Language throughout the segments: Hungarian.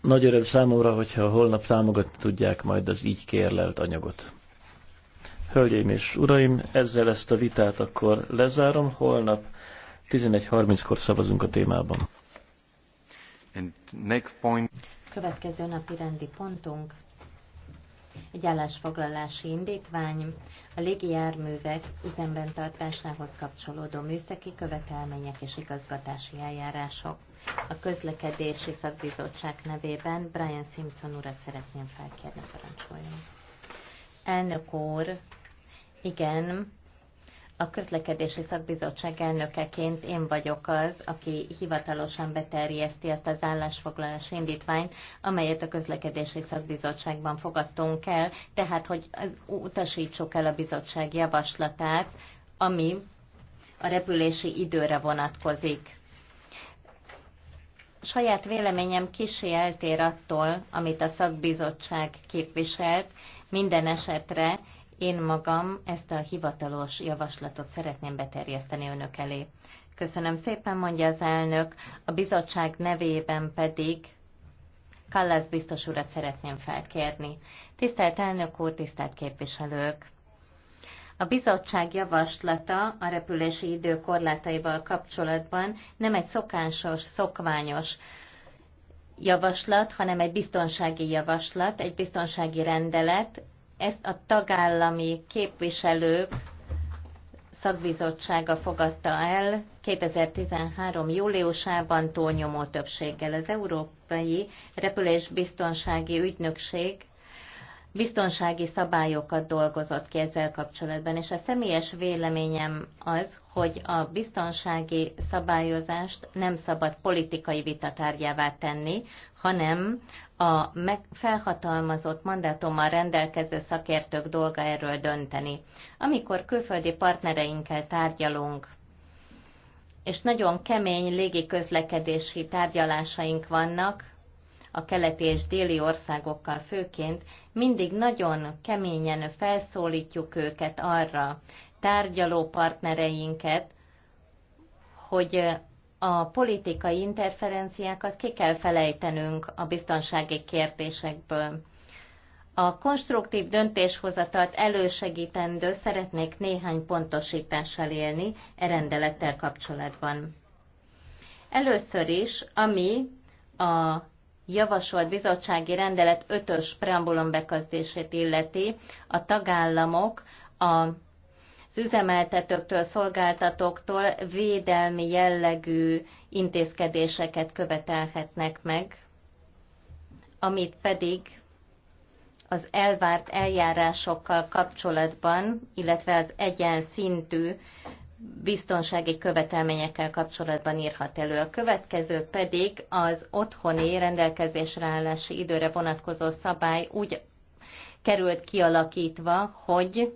Nagy öröm számomra, hogyha holnap támogatni tudják majd az így kérlelt anyagot. Hölgyeim és uraim, ezzel ezt a vitát akkor lezárom. Holnap 11.30-kor szavazunk a témában. Következő napi rendi pontunk egy állásfoglalási indítvány a légijárművek üzemben tartásához kapcsolódó műszaki követelmények és igazgatási eljárások. A közlekedési szakbizottság nevében Brian Simpson ura szeretném felkérni, parancsoljon. Elnök úr, igen, a közlekedési szakbizottság elnökeként én vagyok az, aki hivatalosan beterjeszti azt az állásfoglalás indítványt, amelyet a közlekedési szakbizottságban fogadtunk el, tehát hogy utasítsuk el a bizottság javaslatát, ami a repülési időre vonatkozik. Saját véleményem kicsi eltér attól, amit a szakbizottság képviselt, minden esetre én magam ezt a hivatalos javaslatot szeretném beterjeszteni önök elé. Köszönöm szépen, mondja az elnök, a bizottság nevében pedig Kallász biztos urat szeretném felkérni. Tisztelt elnök úr, tisztelt képviselők! A bizottság javaslata a repülési idő korlátaival kapcsolatban nem egy szokásos, szokványos javaslat, hanem egy biztonsági javaslat, egy biztonsági rendelet, ezt a tagállami képviselők szakbizottsága fogadta el 2013. júliusában túlnyomó többséggel. Az Európai Repülésbiztonsági Ügynökség biztonsági szabályokat dolgozott ki ezzel kapcsolatban, és a személyes véleményem az, hogy a biztonsági szabályozást nem szabad politikai vitatárgyává tenni, hanem a felhatalmazott mandátummal rendelkező szakértők dolga erről dönteni. Amikor külföldi partnereinkkel tárgyalunk, és nagyon kemény légiközlekedési tárgyalásaink vannak, a keleti és déli országokkal főként, mindig nagyon keményen felszólítjuk őket arra, tárgyaló partnereinket, hogy a politikai interferenciákat ki kell felejtenünk a biztonsági kérdésekből. A konstruktív döntéshozatat elősegítendő szeretnék néhány pontosítással élni e rendelettel kapcsolatban. Először is, ami a javasolt bizottsági rendelet 5-ös preambulum bekezdését illeti, a tagállamok a az üzemeltetőktől, szolgáltatóktól védelmi jellegű intézkedéseket követelhetnek meg, amit pedig az elvárt eljárásokkal kapcsolatban, illetve az egyen szintű biztonsági követelményekkel kapcsolatban írhat elő. A következő pedig az otthoni rendelkezésre állási időre vonatkozó szabály úgy került kialakítva, hogy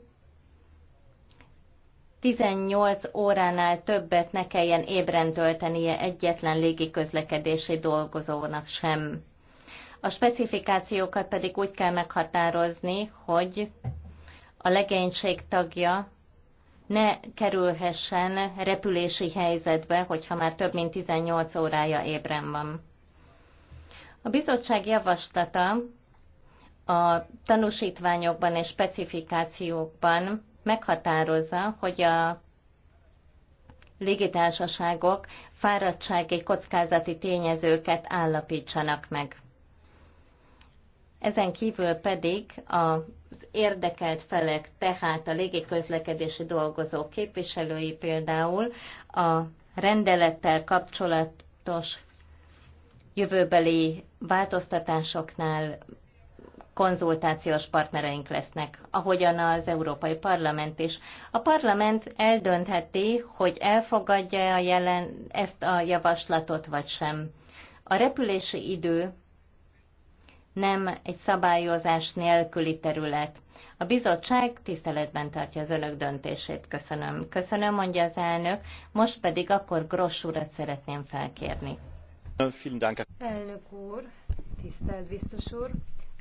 18 óránál többet ne kelljen ébren töltenie egyetlen légiközlekedési dolgozónak sem. A specifikációkat pedig úgy kell meghatározni, hogy a legénység tagja ne kerülhessen repülési helyzetbe, hogyha már több mint 18 órája ébren van. A bizottság javaslata a tanúsítványokban és specifikációkban meghatározza, hogy a légitársaságok fáradtsági kockázati tényezőket állapítsanak meg. Ezen kívül pedig az érdekelt felek, tehát a légiközlekedési dolgozók képviselői például a rendelettel kapcsolatos jövőbeli változtatásoknál konzultációs partnereink lesznek, ahogyan az Európai Parlament is. A parlament eldöntheti, hogy elfogadja a jelen, ezt a javaslatot vagy sem. A repülési idő nem egy szabályozás nélküli terület. A bizottság tiszteletben tartja az önök döntését. Köszönöm. Köszönöm, mondja az elnök. Most pedig akkor Gross urat szeretném felkérni. Elnök úr, tisztelt biztos úr,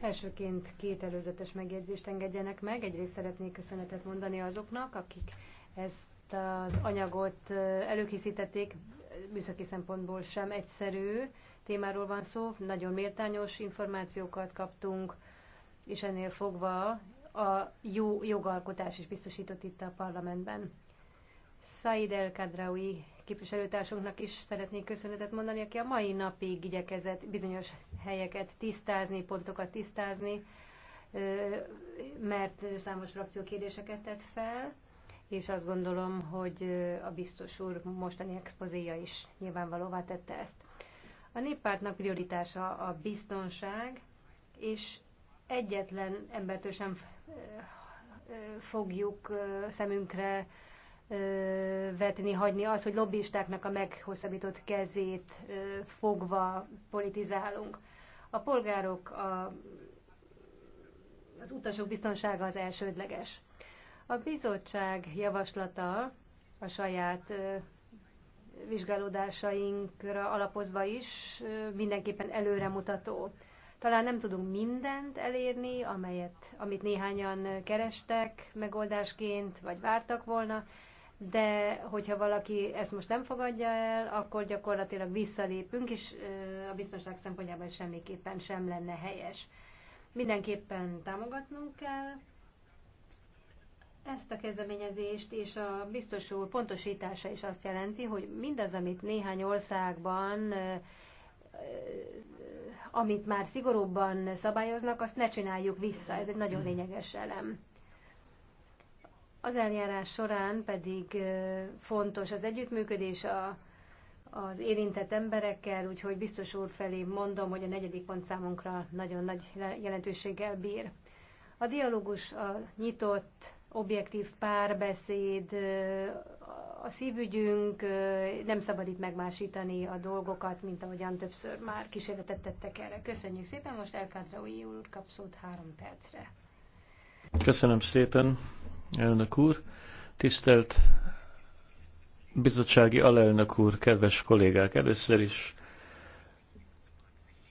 Elsőként két előzetes megjegyzést engedjenek meg. Egyrészt szeretnék köszönetet mondani azoknak, akik ezt az anyagot előkészítették, műszaki szempontból sem egyszerű, témáról van szó, nagyon méltányos információkat kaptunk, és ennél fogva a jó jogalkotás is biztosított itt a parlamentben. Said El Kadraoui képviselőtársunknak is szeretnék köszönetet mondani, aki a mai napig igyekezett bizonyos helyeket tisztázni, pontokat tisztázni, mert számos frakció kérdéseket tett fel, és azt gondolom, hogy a biztos úr mostani expozéja is nyilvánvalóvá tette ezt. A néppártnak prioritása a biztonság, és egyetlen embertől sem fogjuk szemünkre vetni, hagyni az, hogy lobbistáknak a meghosszabbított kezét fogva politizálunk. A polgárok, a, az utasok biztonsága az elsődleges. A bizottság javaslata a saját vizsgálódásainkra alapozva is mindenképpen előremutató. Talán nem tudunk mindent elérni, amelyet, amit néhányan kerestek megoldásként, vagy vártak volna, de hogyha valaki ezt most nem fogadja el, akkor gyakorlatilag visszalépünk, és a biztonság szempontjából semmiképpen sem lenne helyes. Mindenképpen támogatnunk kell ezt a kezdeményezést és a biztos úr pontosítása is azt jelenti, hogy mindaz, amit néhány országban, amit már szigorúbban szabályoznak, azt ne csináljuk vissza. Ez egy nagyon lényeges elem. Az eljárás során pedig fontos az együttműködés a, az érintett emberekkel, úgyhogy biztos úr felé mondom, hogy a negyedik pont számunkra nagyon nagy jelentőséggel bír. A dialógus a nyitott objektív párbeszéd a szívügyünk, nem szabad itt megmásítani a dolgokat, mint ahogyan többször már kísérletet tettek erre. Köszönjük szépen, most Elkádra új úr kap szót három percre. Köszönöm szépen, elnök úr. Tisztelt bizottsági alelnök úr, kedves kollégák, először is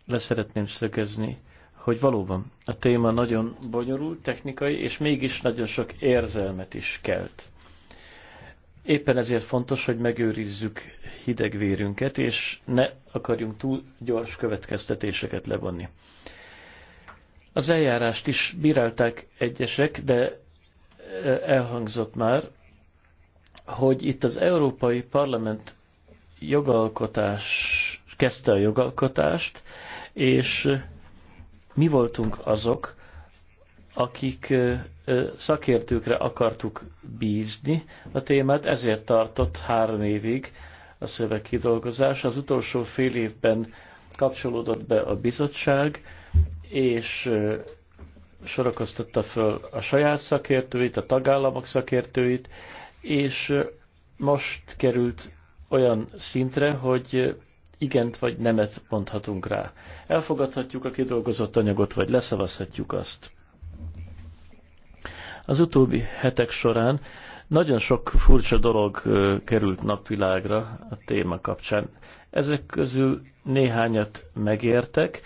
leszeretném szögezni, hogy valóban a téma nagyon bonyolult, technikai, és mégis nagyon sok érzelmet is kelt. Éppen ezért fontos, hogy megőrizzük hidegvérünket, és ne akarjunk túl gyors következtetéseket levonni. Az eljárást is bírálták egyesek, de e, elhangzott már, hogy itt az Európai Parlament jogalkotás kezdte a jogalkotást, és mi voltunk azok, akik szakértőkre akartuk bízni a témát, ezért tartott három évig a szöveg Az utolsó fél évben kapcsolódott be a bizottság, és sorakoztatta föl a saját szakértőit, a tagállamok szakértőit, és most került olyan szintre, hogy igent vagy nemet mondhatunk rá. Elfogadhatjuk a kidolgozott anyagot, vagy leszavazhatjuk azt. Az utóbbi hetek során nagyon sok furcsa dolog került napvilágra a téma kapcsán. Ezek közül néhányat megértek,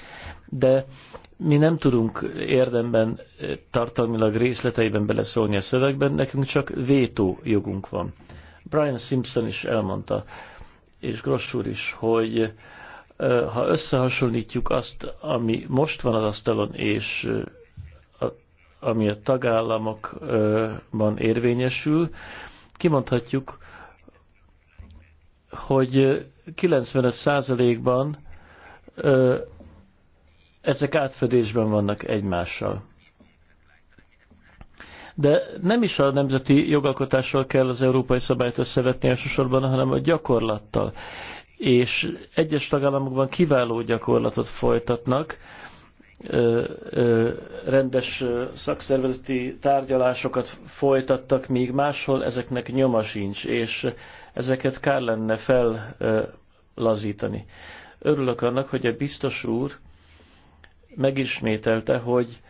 de mi nem tudunk érdemben, tartalmilag részleteiben beleszólni a szövegben, nekünk csak vétó jogunk van. Brian Simpson is elmondta, és Gross úr is, hogy ha összehasonlítjuk azt, ami most van az asztalon, és a, ami a tagállamokban érvényesül, kimondhatjuk, hogy 95%-ban ezek átfedésben vannak egymással de nem is a nemzeti jogalkotással kell az európai szabályt összevetni elsősorban, hanem a gyakorlattal. És egyes tagállamokban kiváló gyakorlatot folytatnak, rendes szakszervezeti tárgyalásokat folytattak, míg máshol ezeknek nyoma sincs, és ezeket kár lenne fellazítani. Örülök annak, hogy a biztos úr megismételte, hogy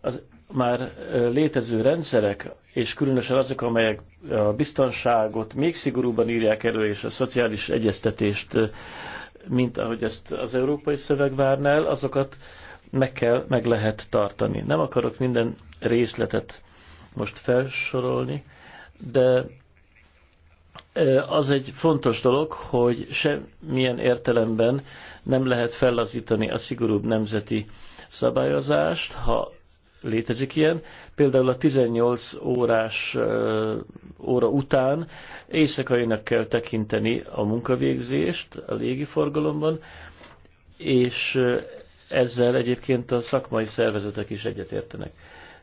az már létező rendszerek, és különösen azok, amelyek a biztonságot még szigorúban írják elő, és a szociális egyeztetést, mint ahogy ezt az európai szöveg várná el, azokat meg kell, meg lehet tartani. Nem akarok minden részletet most felsorolni, de az egy fontos dolog, hogy semmilyen értelemben nem lehet fellazítani a szigorúbb nemzeti szabályozást, ha létezik ilyen. Például a 18 órás óra után éjszakainak kell tekinteni a munkavégzést a légiforgalomban, és ezzel egyébként a szakmai szervezetek is egyetértenek.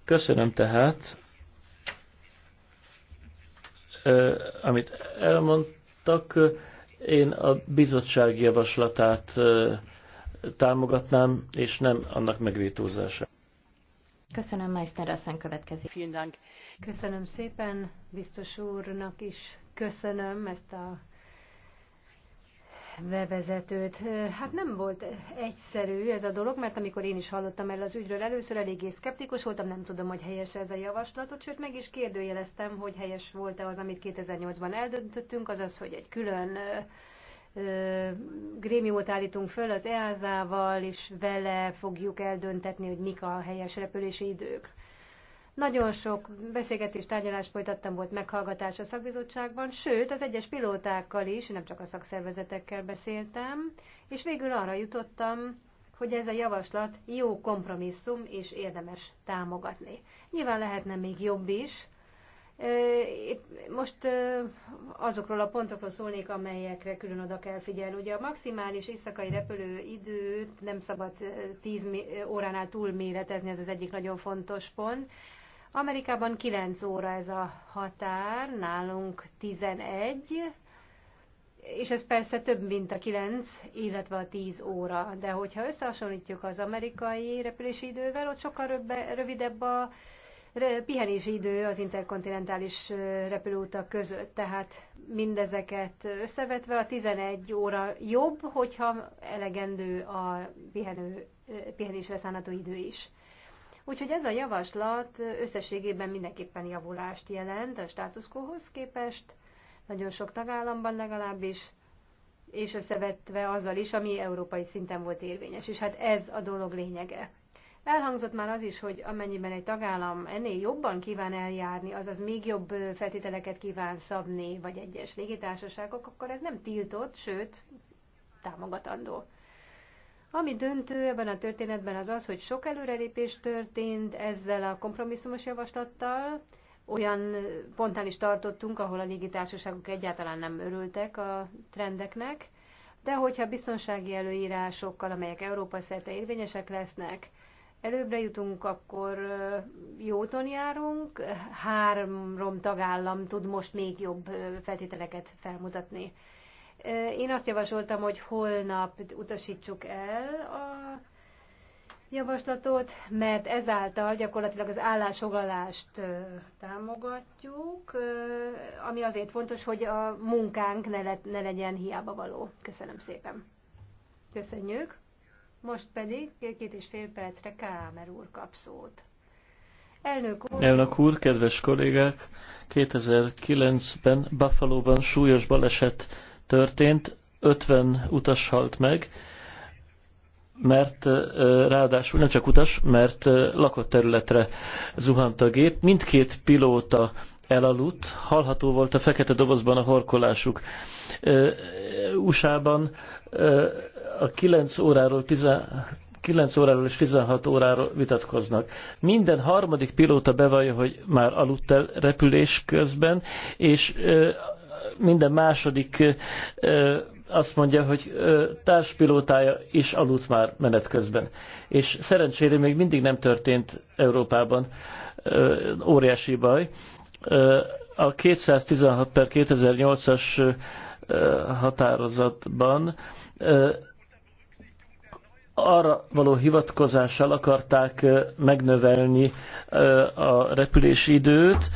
Köszönöm tehát, amit elmondtak, én a bizottság javaslatát támogatnám, és nem annak megvétózását. Köszönöm, Meissner asszony következik. Vielen Köszönöm szépen, biztos úrnak is köszönöm ezt a bevezetőt. Hát nem volt egyszerű ez a dolog, mert amikor én is hallottam el az ügyről először, eléggé szkeptikus voltam, nem tudom, hogy helyes ez a javaslatot, sőt meg is kérdőjeleztem, hogy helyes volt-e az, amit 2008-ban eldöntöttünk, azaz, hogy egy külön Grémiót állítunk föl az EASA-val, és vele fogjuk eldöntetni, hogy mik a helyes repülési idők. Nagyon sok beszélgetés, tárgyalást folytattam, volt meghallgatás a szakbizottságban, sőt, az egyes pilótákkal is, nem csak a szakszervezetekkel beszéltem, és végül arra jutottam, hogy ez a javaslat jó kompromisszum, és érdemes támogatni. Nyilván lehetne még jobb is, most azokról a pontokról szólnék, amelyekre külön oda kell figyelni. Ugye a maximális éjszakai repülőidőt nem szabad 10 óránál túl méretezni, ez az egyik nagyon fontos pont. Amerikában 9 óra ez a határ, nálunk 11, és ez persze több, mint a 9, illetve a 10 óra. De hogyha összehasonlítjuk az amerikai repülési idővel, ott sokkal rövidebb a pihenési idő az interkontinentális repülőutak között. Tehát mindezeket összevetve a 11 óra jobb, hogyha elegendő a pihenő, pihenésre szánható idő is. Úgyhogy ez a javaslat összességében mindenképpen javulást jelent a státuszkóhoz képest, nagyon sok tagállamban legalábbis, és összevetve azzal is, ami európai szinten volt érvényes. És hát ez a dolog lényege. Elhangzott már az is, hogy amennyiben egy tagállam ennél jobban kíván eljárni, azaz még jobb feltételeket kíván szabni, vagy egyes légitársaságok, akkor ez nem tiltott, sőt, támogatandó. Ami döntő ebben a történetben az az, hogy sok előrelépés történt ezzel a kompromisszumos javaslattal, olyan ponton is tartottunk, ahol a légitársaságok egyáltalán nem örültek a trendeknek, de hogyha biztonsági előírásokkal, amelyek Európa szerte érvényesek lesznek, előbbre jutunk, akkor jóton járunk. Három tagállam tud most még jobb feltételeket felmutatni. Én azt javasoltam, hogy holnap utasítsuk el a javaslatot, mert ezáltal gyakorlatilag az állásfoglalást támogatjuk, ami azért fontos, hogy a munkánk ne, le, ne legyen hiába való. Köszönöm szépen. Köszönjük. Most pedig két és fél percre Kámer úr kap szót. Elnök úr, Elnök úr kedves kollégák, 2009-ben Buffalo-ban súlyos baleset történt, 50 utas halt meg, mert ráadásul nem csak utas, mert lakott területre zuhant a gép. Mindkét pilóta elaludt, hallható volt a fekete dobozban a horkolásuk. USA-ban a 9 óráról, 10, 9 óráról és 16 óráról vitatkoznak. Minden harmadik pilóta bevallja, hogy már aludt el repülés közben, és minden második azt mondja, hogy társpilótája is aludt már menet közben. És szerencsére még mindig nem történt Európában óriási baj. A 216 per 2008-as határozatban arra való hivatkozással akarták megnövelni a repülési időt,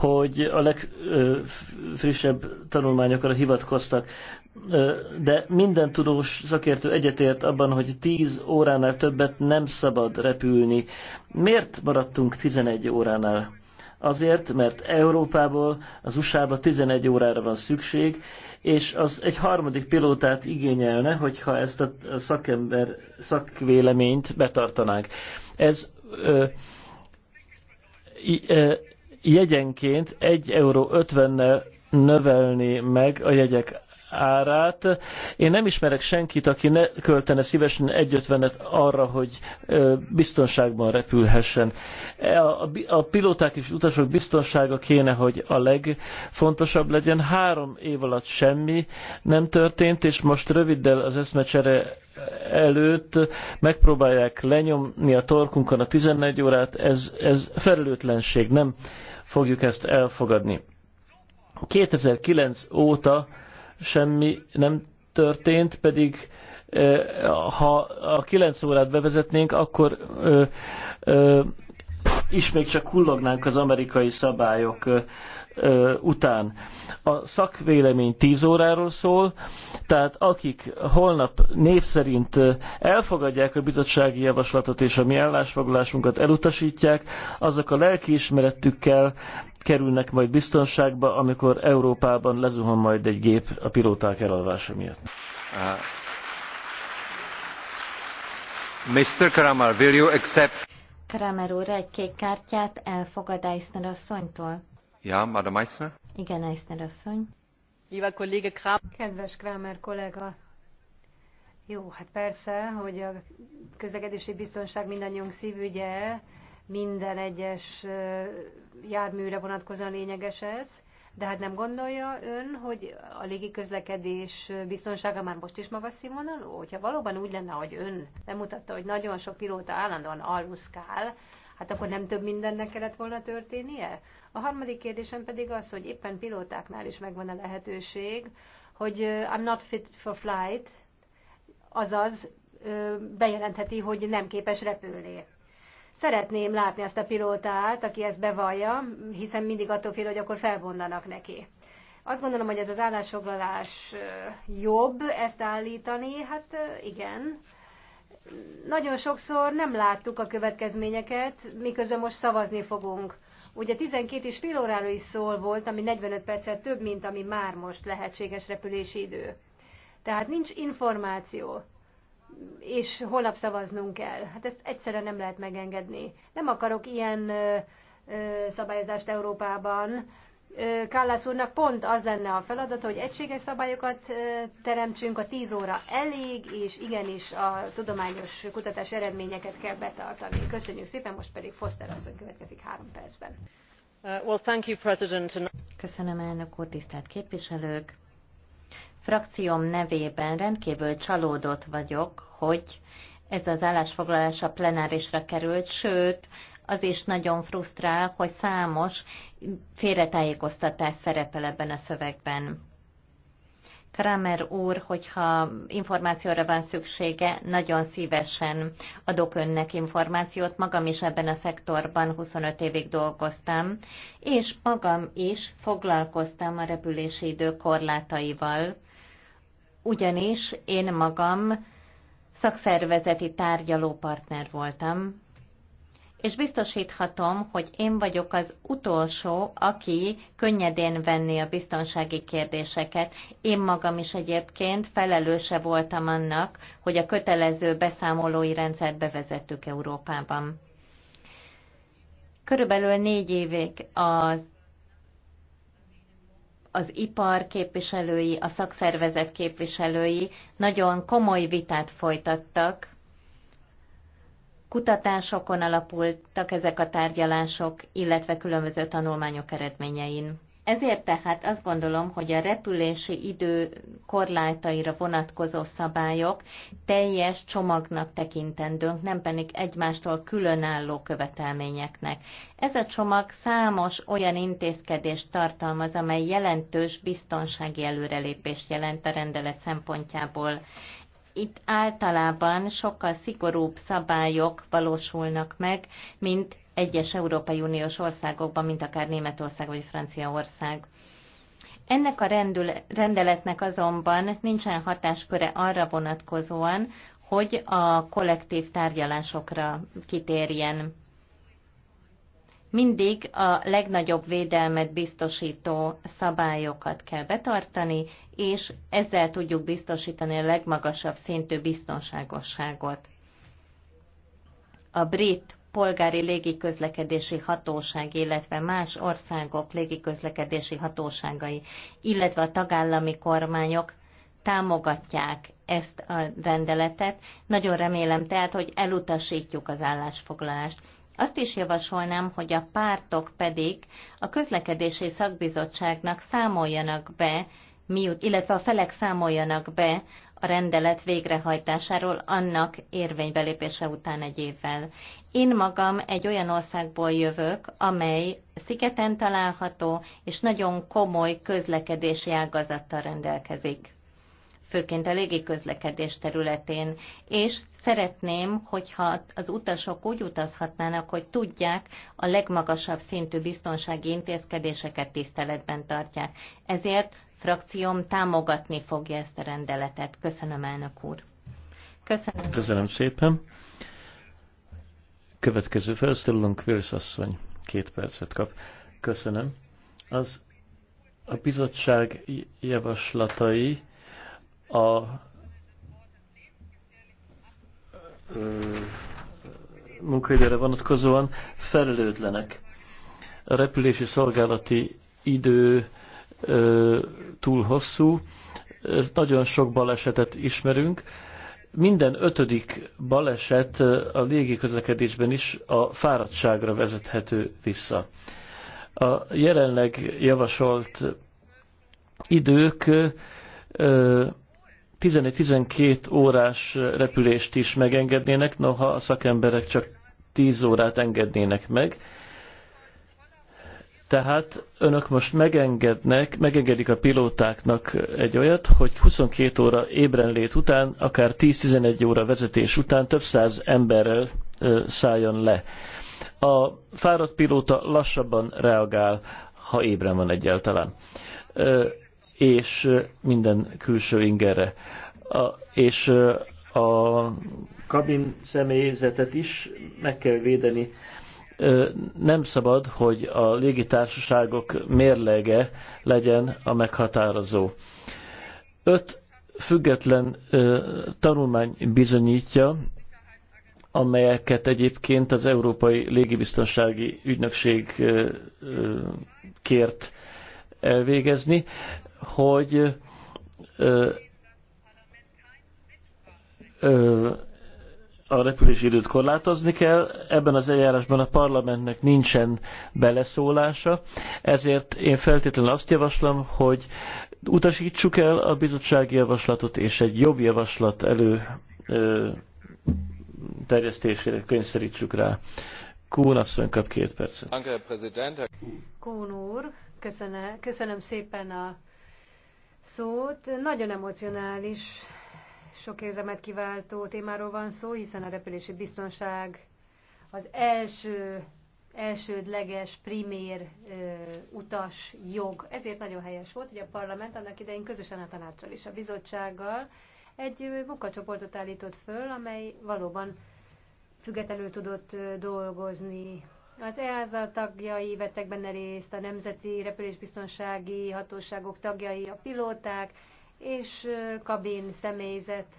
hogy a legfrissebb tanulmányokra hivatkoztak. De minden tudós szakértő egyetért abban, hogy 10 óránál többet nem szabad repülni. Miért maradtunk 11 óránál? Azért, mert Európából az USA-ba 11 órára van szükség, és az egy harmadik pilótát igényelne, hogyha ezt a szakember szakvéleményt betartanánk. Ez ö, ö, jegyenként 1,50 euró 50-nel növelni meg a jegyek árát. Én nem ismerek senkit, aki ne költene szívesen egyötvenet arra, hogy biztonságban repülhessen. E, a, a pilóták és utasok biztonsága kéne, hogy a legfontosabb legyen. Három év alatt semmi nem történt, és most röviddel az eszmecsere előtt megpróbálják lenyomni a torkunkon a 14 órát, ez, ez felelőtlenség, nem fogjuk ezt elfogadni. 2009 óta semmi nem történt, pedig eh, ha a 9 órát bevezetnénk, akkor eh, eh, is még csak kullognánk az amerikai szabályok után. A szakvélemény 10 óráról szól, tehát akik holnap név szerint elfogadják a bizottsági javaslatot és a mi állásfoglalásunkat elutasítják, azok a lelkiismerettükkel kerülnek majd biztonságba, amikor Európában lezuhan majd egy gép a pilóták elalvása miatt. Uh, Mr. Kramer, will you accept Kramer úr egy kék kártyát elfogad Eisner asszonytól. Ja, Madam Eisner? Igen, Eisner asszony. Liebe Kollege Kramer. Kedves Kramer kollega, jó, hát persze, hogy a közlekedési biztonság mindannyiunk szívügye, minden egyes járműre vonatkozóan lényeges ez, de hát nem gondolja ön, hogy a légiközlekedés biztonsága már most is magas színvonalú? Hogyha valóban úgy lenne, hogy ön bemutatta, hogy nagyon sok pilóta állandóan aluszkál, hát akkor nem több mindennek kellett volna történnie? A harmadik kérdésem pedig az, hogy éppen pilótáknál is megvan a lehetőség, hogy I'm not fit for flight, azaz bejelentheti, hogy nem képes repülni. Szeretném látni azt a pilótát, aki ezt bevallja, hiszen mindig attól fél, hogy akkor felvonnanak neki. Azt gondolom, hogy ez az állásfoglalás jobb ezt állítani, hát igen. Nagyon sokszor nem láttuk a következményeket, miközben most szavazni fogunk. Ugye 12 és fél óráról is szól volt, ami 45 percet több, mint ami már most lehetséges repülési idő. Tehát nincs információ és holnap szavaznunk kell. Hát ezt egyszerűen nem lehet megengedni. Nem akarok ilyen szabályozást Európában. Kállász úrnak pont az lenne a feladata, hogy egységes szabályokat teremtsünk, a 10 óra elég, és igenis a tudományos kutatás eredményeket kell betartani. Köszönjük szépen, most pedig Foster asszony következik három percben. Uh, Köszönöm elnök úr, tisztelt képviselők! Frakcióm nevében rendkívül csalódott vagyok, hogy ez az állásfoglalás a plenárisra került, sőt, az is nagyon frusztrál, hogy számos félretájékoztatás szerepel ebben a szövegben. Kramer úr, hogyha információra van szüksége, nagyon szívesen adok önnek információt. Magam is ebben a szektorban 25 évig dolgoztam, és magam is foglalkoztam a repülési idő korlátaival, ugyanis én magam szakszervezeti tárgyalópartner voltam, és biztosíthatom, hogy én vagyok az utolsó, aki könnyedén venni a biztonsági kérdéseket. Én magam is egyébként felelőse voltam annak, hogy a kötelező beszámolói rendszert bevezettük Európában. Körülbelül négy évig az az ipar képviselői, a szakszervezet képviselői nagyon komoly vitát folytattak. Kutatásokon alapultak ezek a tárgyalások, illetve különböző tanulmányok eredményein. Ezért tehát azt gondolom, hogy a repülési idő korlátaira vonatkozó szabályok teljes csomagnak tekintendőnk, nem pedig egymástól különálló követelményeknek. Ez a csomag számos olyan intézkedést tartalmaz, amely jelentős biztonsági előrelépést jelent a rendelet szempontjából. Itt általában sokkal szigorúbb szabályok valósulnak meg, mint egyes Európai Uniós országokban, mint akár Németország vagy Franciaország. Ennek a rendül, rendeletnek azonban nincsen hatásköre arra vonatkozóan, hogy a kollektív tárgyalásokra kitérjen. Mindig a legnagyobb védelmet biztosító szabályokat kell betartani, és ezzel tudjuk biztosítani a legmagasabb szintű biztonságosságot. A brit polgári légiközlekedési hatóság, illetve más országok légiközlekedési hatóságai, illetve a tagállami kormányok támogatják ezt a rendeletet. Nagyon remélem tehát, hogy elutasítjuk az állásfoglalást. Azt is javasolnám, hogy a pártok pedig a közlekedési szakbizottságnak számoljanak be, illetve a felek számoljanak be a rendelet végrehajtásáról annak érvénybelépése után egy évvel. Én magam egy olyan országból jövök, amely szigeten található és nagyon komoly közlekedési ágazattal rendelkezik főként a légiközlekedés területén, és szeretném, hogyha az utasok úgy utazhatnának, hogy tudják, a legmagasabb szintű biztonsági intézkedéseket tiszteletben tartják. Ezért frakcióm támogatni fogja ezt a rendeletet. Köszönöm, elnök úr. Köszönöm. Köszönöm szépen. Következő felszólalónk asszony, két percet kap. Köszönöm. Az a bizottság javaslatai a munkaidőre vonatkozóan felelőtlenek. A repülési szolgálati idő túl hosszú. Nagyon sok balesetet ismerünk. Minden ötödik baleset a légi közlekedésben is a fáradtságra vezethető vissza. A jelenleg javasolt idők 11-12 órás repülést is megengednének, noha a szakemberek csak 10 órát engednének meg tehát önök most megengednek, megengedik a pilótáknak egy olyat, hogy 22 óra ébrenlét után, akár 10-11 óra vezetés után több száz emberrel szálljon le. A fáradt pilóta lassabban reagál, ha ébren van egyáltalán, és minden külső ingerre. A, és a kabin személyzetet is meg kell védeni nem szabad, hogy a légitársaságok mérlege legyen a meghatározó. Öt független tanulmány bizonyítja, amelyeket egyébként az Európai Légibiztonsági Ügynökség kért elvégezni, hogy a repülési időt korlátozni kell, ebben az eljárásban a parlamentnek nincsen beleszólása, ezért én feltétlenül azt javaslom, hogy utasítsuk el a bizottsági javaslatot, és egy jobb javaslat elő ö, terjesztésére kényszerítsük rá. Kuhn asszony kap két percet. Kuhn úr, köszönöm, köszönöm szépen a szót. Nagyon emocionális sok érzemet kiváltó témáról van szó, hiszen a repülési biztonság az első, elsődleges, primér ö, utas jog. Ezért nagyon helyes volt, hogy a parlament annak idején közösen a tanácsal és a bizottsággal egy munkacsoportot állított föl, amely valóban függetlenül tudott dolgozni. Az EASA tagjai vettek benne részt, a Nemzeti Repülésbiztonsági Hatóságok tagjai, a pilóták, és kabin személyzet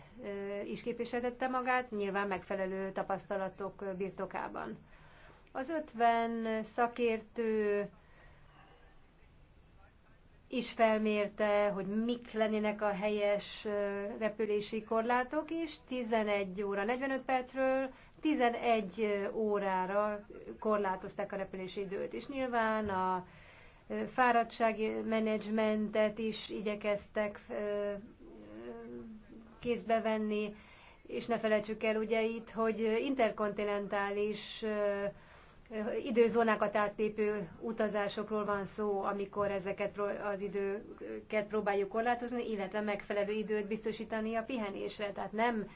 is képviseltette magát, nyilván megfelelő tapasztalatok birtokában. Az 50 szakértő is felmérte, hogy mik lennének a helyes repülési korlátok, és 11 óra 45 percről 11 órára korlátozták a repülési időt, és nyilván a fáradtságmenedzsmentet is igyekeztek kézbe venni, és ne felejtsük el ugye itt, hogy interkontinentális időzónákat átlépő utazásokról van szó, amikor ezeket az időket próbáljuk korlátozni, illetve megfelelő időt biztosítani a pihenésre, tehát nem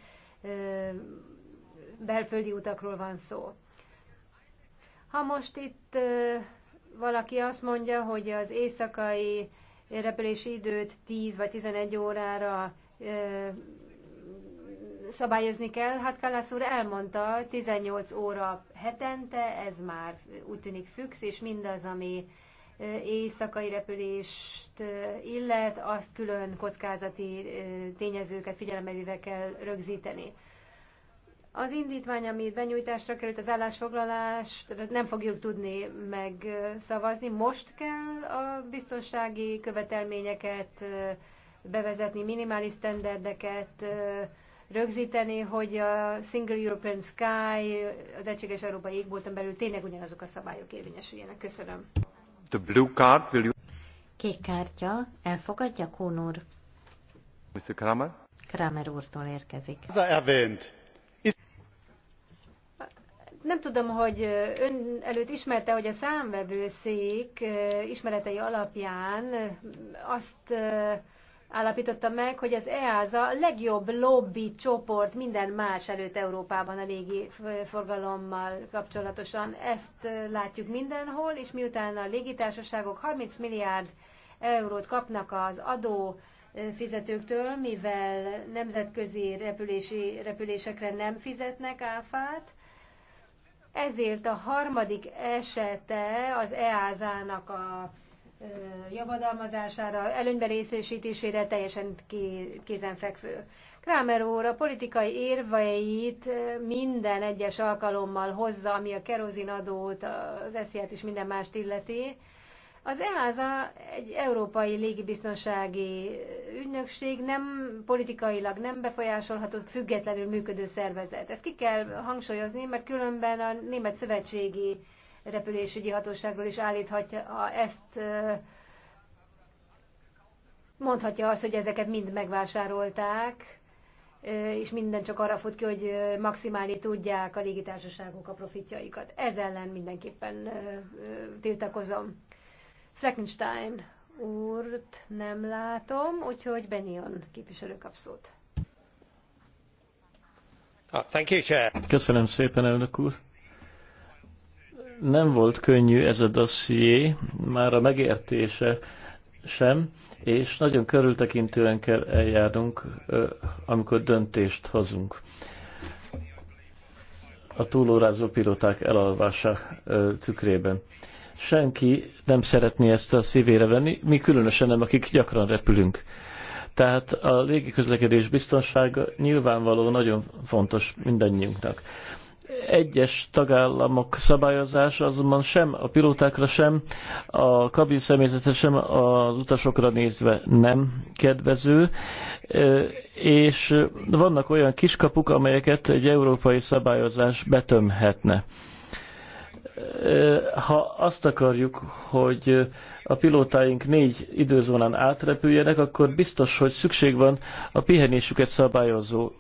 belföldi utakról van szó. Ha most itt valaki azt mondja, hogy az éjszakai repülési időt 10 vagy 11 órára szabályozni kell. Hát Kalász úr elmondta, 18 óra hetente, ez már úgy tűnik függ, és mindaz, ami éjszakai repülést illet, azt külön kockázati tényezőket figyelembe kell rögzíteni. Az indítvány, ami benyújtásra került, az állásfoglalást nem fogjuk tudni megszavazni. Most kell a biztonsági követelményeket bevezetni, minimális standardeket rögzíteni, hogy a Single European Sky, az Egységes Európai Égbolton belül tényleg ugyanazok a szabályok érvényesüljenek. Köszönöm. The blue card, will you... Kék kártya, elfogadja Kón Mr. Kramer? Kramer úrtól érkezik. Erwähnt Tudom, hogy ön előtt ismerte, hogy a számvevőszék ismeretei alapján azt állapította meg, hogy az EASA legjobb lobby csoport minden más előtt Európában a légi forgalommal kapcsolatosan. Ezt látjuk mindenhol, és miután a légitársaságok 30 milliárd eurót kapnak az adó fizetőktől, mivel nemzetközi repülési, repülésekre nem fizetnek áfát, ezért a harmadik esete az EASA-nak a javadalmazására, előnybe részesítésére teljesen kézenfekvő. Kramer úr a politikai érveit minden egyes alkalommal hozza, ami a kerozinadót, az esziát és minden mást illeti, az EASA egy európai légibiztonsági ügynökség, nem politikailag nem befolyásolható, függetlenül működő szervezet. Ezt ki kell hangsúlyozni, mert különben a Német Szövetségi Repülésügyi Hatóságról is állíthatja ezt mondhatja azt, hogy ezeket mind megvásárolták, és minden csak arra fut ki, hogy maximálni tudják a légitársaságok a profitjaikat. Ez ellen mindenképpen tiltakozom. Fleckenstein úrt nem látom, úgyhogy Benion képviselő kap szót. Ah, Köszönöm szépen, elnök úr. Nem volt könnyű ez a dosszié, már a megértése sem, és nagyon körültekintően kell eljárnunk, amikor döntést hozunk. A túlórázó pilóták elalvása tükrében senki nem szeretné ezt a szívére venni, mi különösen nem, akik gyakran repülünk. Tehát a légiközlekedés biztonsága nyilvánvaló nagyon fontos mindannyiunknak. Egyes tagállamok szabályozása azonban sem a pilótákra, sem a kabin személyzetre, sem az utasokra nézve nem kedvező, és vannak olyan kiskapuk, amelyeket egy európai szabályozás betömhetne ha azt akarjuk, hogy a pilótáink négy időzónán átrepüljenek, akkor biztos, hogy szükség van a pihenésüket szabályozó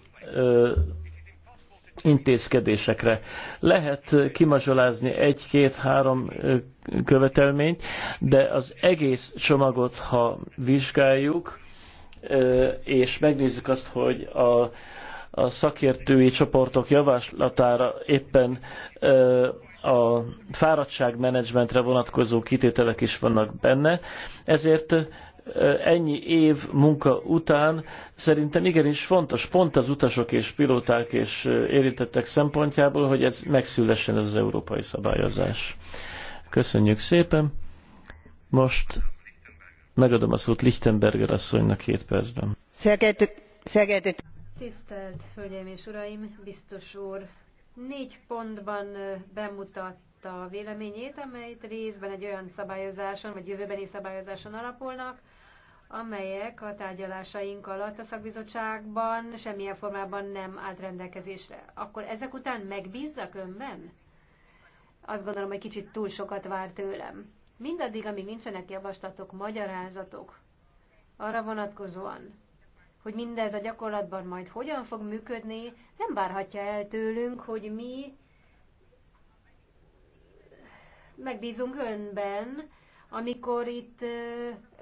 intézkedésekre. Lehet kimazsolázni egy-két-három követelményt, de az egész csomagot, ha vizsgáljuk, és megnézzük azt, hogy a, a szakértői csoportok javaslatára éppen a fáradtságmenedzsmentre vonatkozó kitételek is vannak benne, ezért ennyi év munka után szerintem igenis fontos, pont az utasok és pilóták és érintettek szempontjából, hogy ez megszülessen ez az európai szabályozás. Köszönjük szépen. Most megadom a szót Lichtenberger asszonynak két percben. Tisztelt Hölgyeim és Uraim, biztos úr, négy pontban bemutatta a véleményét, amelyet részben egy olyan szabályozáson, vagy jövőbeni szabályozáson alapulnak, amelyek a tárgyalásaink alatt a szakbizottságban semmilyen formában nem állt rendelkezésre. Akkor ezek után megbíznak önben? Azt gondolom, hogy kicsit túl sokat vár tőlem. Mindaddig, amíg nincsenek javaslatok, magyarázatok arra vonatkozóan, hogy mindez a gyakorlatban majd hogyan fog működni, nem várhatja el tőlünk, hogy mi megbízunk önben, amikor itt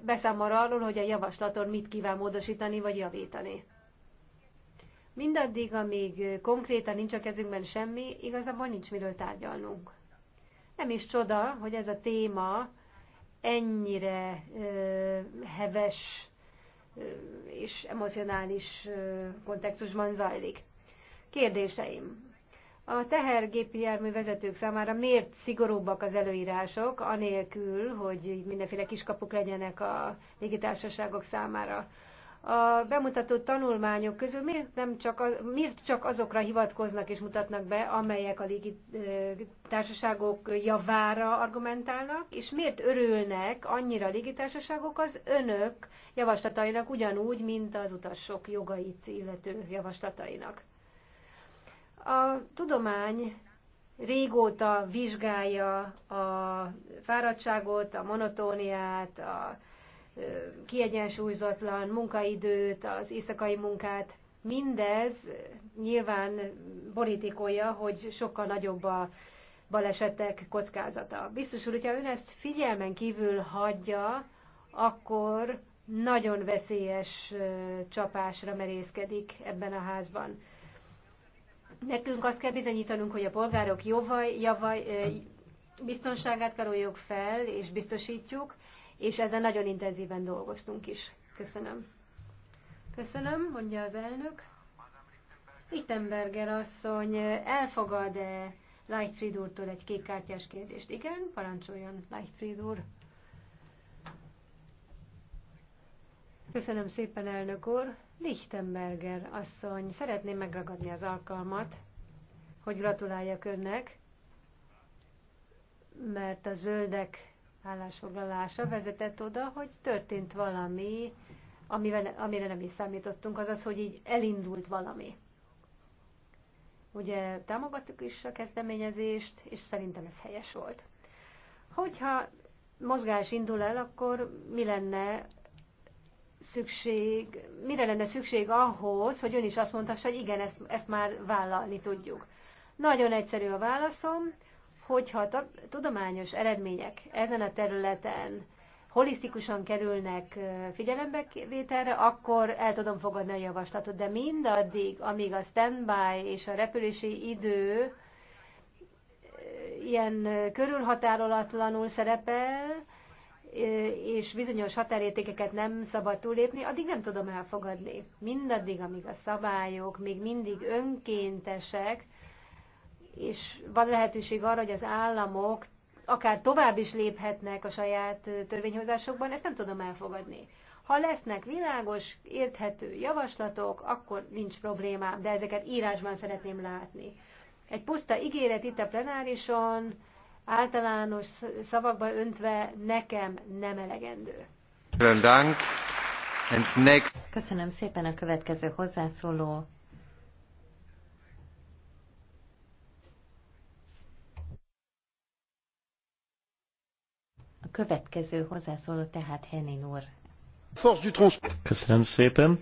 beszámol arról, hogy a javaslaton mit kíván módosítani vagy javítani. Mindaddig, amíg konkrétan nincs a kezünkben semmi, igazából nincs miről tárgyalnunk. Nem is csoda, hogy ez a téma ennyire ö, heves és emocionális kontextusban zajlik. Kérdéseim. A tehergépi jármű vezetők számára miért szigorúbbak az előírások, anélkül, hogy mindenféle kiskapuk legyenek a légitársaságok számára? a bemutatott tanulmányok közül miért, nem csak, az, miért csak azokra hivatkoznak és mutatnak be, amelyek a légitársaságok javára argumentálnak, és miért örülnek annyira a légitársaságok az önök javaslatainak ugyanúgy, mint az utasok jogait illető javaslatainak? A tudomány régóta vizsgálja a fáradtságot, a monotóniát, a kiegyensúlyozatlan munkaidőt, az éjszakai munkát, mindez nyilván borítékolja, hogy sokkal nagyobb a balesetek kockázata. Biztos úr, hogyha ön ezt figyelmen kívül hagyja, akkor nagyon veszélyes csapásra merészkedik ebben a házban. Nekünk azt kell bizonyítanunk, hogy a polgárok jovaj, javaj, biztonságát karoljuk fel, és biztosítjuk, és ezen nagyon intenzíven dolgoztunk is. Köszönöm. Köszönöm, mondja az elnök. Ittenberger asszony, elfogad-e Lightfried úrtól egy kékkártyás kérdést? Igen, parancsoljon Lightfried úr. Köszönöm szépen, elnök úr. Lichtenberger asszony, szeretném megragadni az alkalmat, hogy gratuláljak önnek, mert a zöldek állásfoglalása vezetett oda, hogy történt valami, amivel, amire nem is számítottunk, azaz, hogy így elindult valami. Ugye támogattuk is a kezdeményezést, és szerintem ez helyes volt. Hogyha mozgás indul el, akkor mi lenne szükség, mire lenne szükség ahhoz, hogy ön is azt mondhassa, hogy igen, ezt, ezt már vállalni tudjuk. Nagyon egyszerű a válaszom, hogyha a tudományos eredmények ezen a területen holisztikusan kerülnek figyelembevételre, akkor el tudom fogadni a javaslatot, de mindaddig, amíg a standby és a repülési idő ilyen körülhatárolatlanul szerepel, és bizonyos határértékeket nem szabad túlépni, addig nem tudom elfogadni. Mindaddig, amíg a szabályok még mindig önkéntesek, és van lehetőség arra, hogy az államok akár tovább is léphetnek a saját törvényhozásokban, ezt nem tudom elfogadni. Ha lesznek világos, érthető javaslatok, akkor nincs problémám, de ezeket írásban szeretném látni. Egy puszta ígéret itt a plenárison, általános szavakba öntve nekem nem elegendő. Köszönöm szépen a következő hozzászóló következő hozzászóló tehát Henin úr. Köszönöm szépen.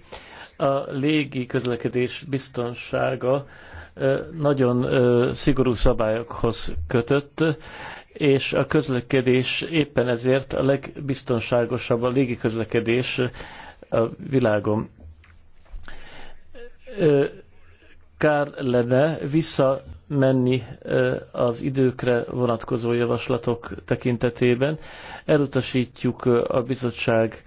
A légi közlekedés biztonsága nagyon szigorú szabályokhoz kötött, és a közlekedés éppen ezért a legbiztonságosabb a légi közlekedés a világon kár lenne visszamenni az időkre vonatkozó javaslatok tekintetében. Elutasítjuk a bizottság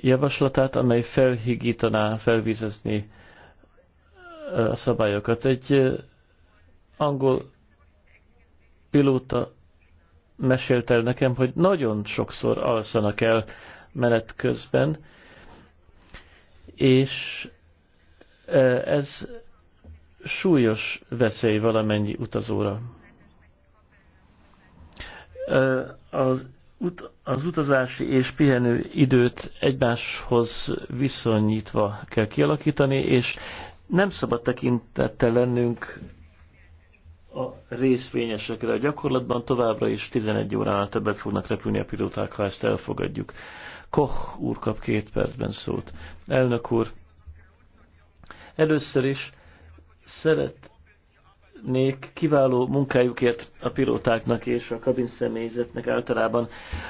javaslatát, amely felhigítaná, felvízezni a szabályokat. Egy angol pilóta mesélt el nekem, hogy nagyon sokszor alszanak el menet közben, és ez súlyos veszély valamennyi utazóra. Az, ut- az utazási és pihenő időt egymáshoz viszonyítva kell kialakítani, és nem szabad tekintettel lennünk a részvényesekre. A gyakorlatban továbbra is 11 óránál többet fognak repülni a pilóták, ha ezt elfogadjuk. Koch úr kap két percben szót. Elnök úr, először is szeretnék kiváló munkájukért a pilótáknak és a kabin személyzetnek általában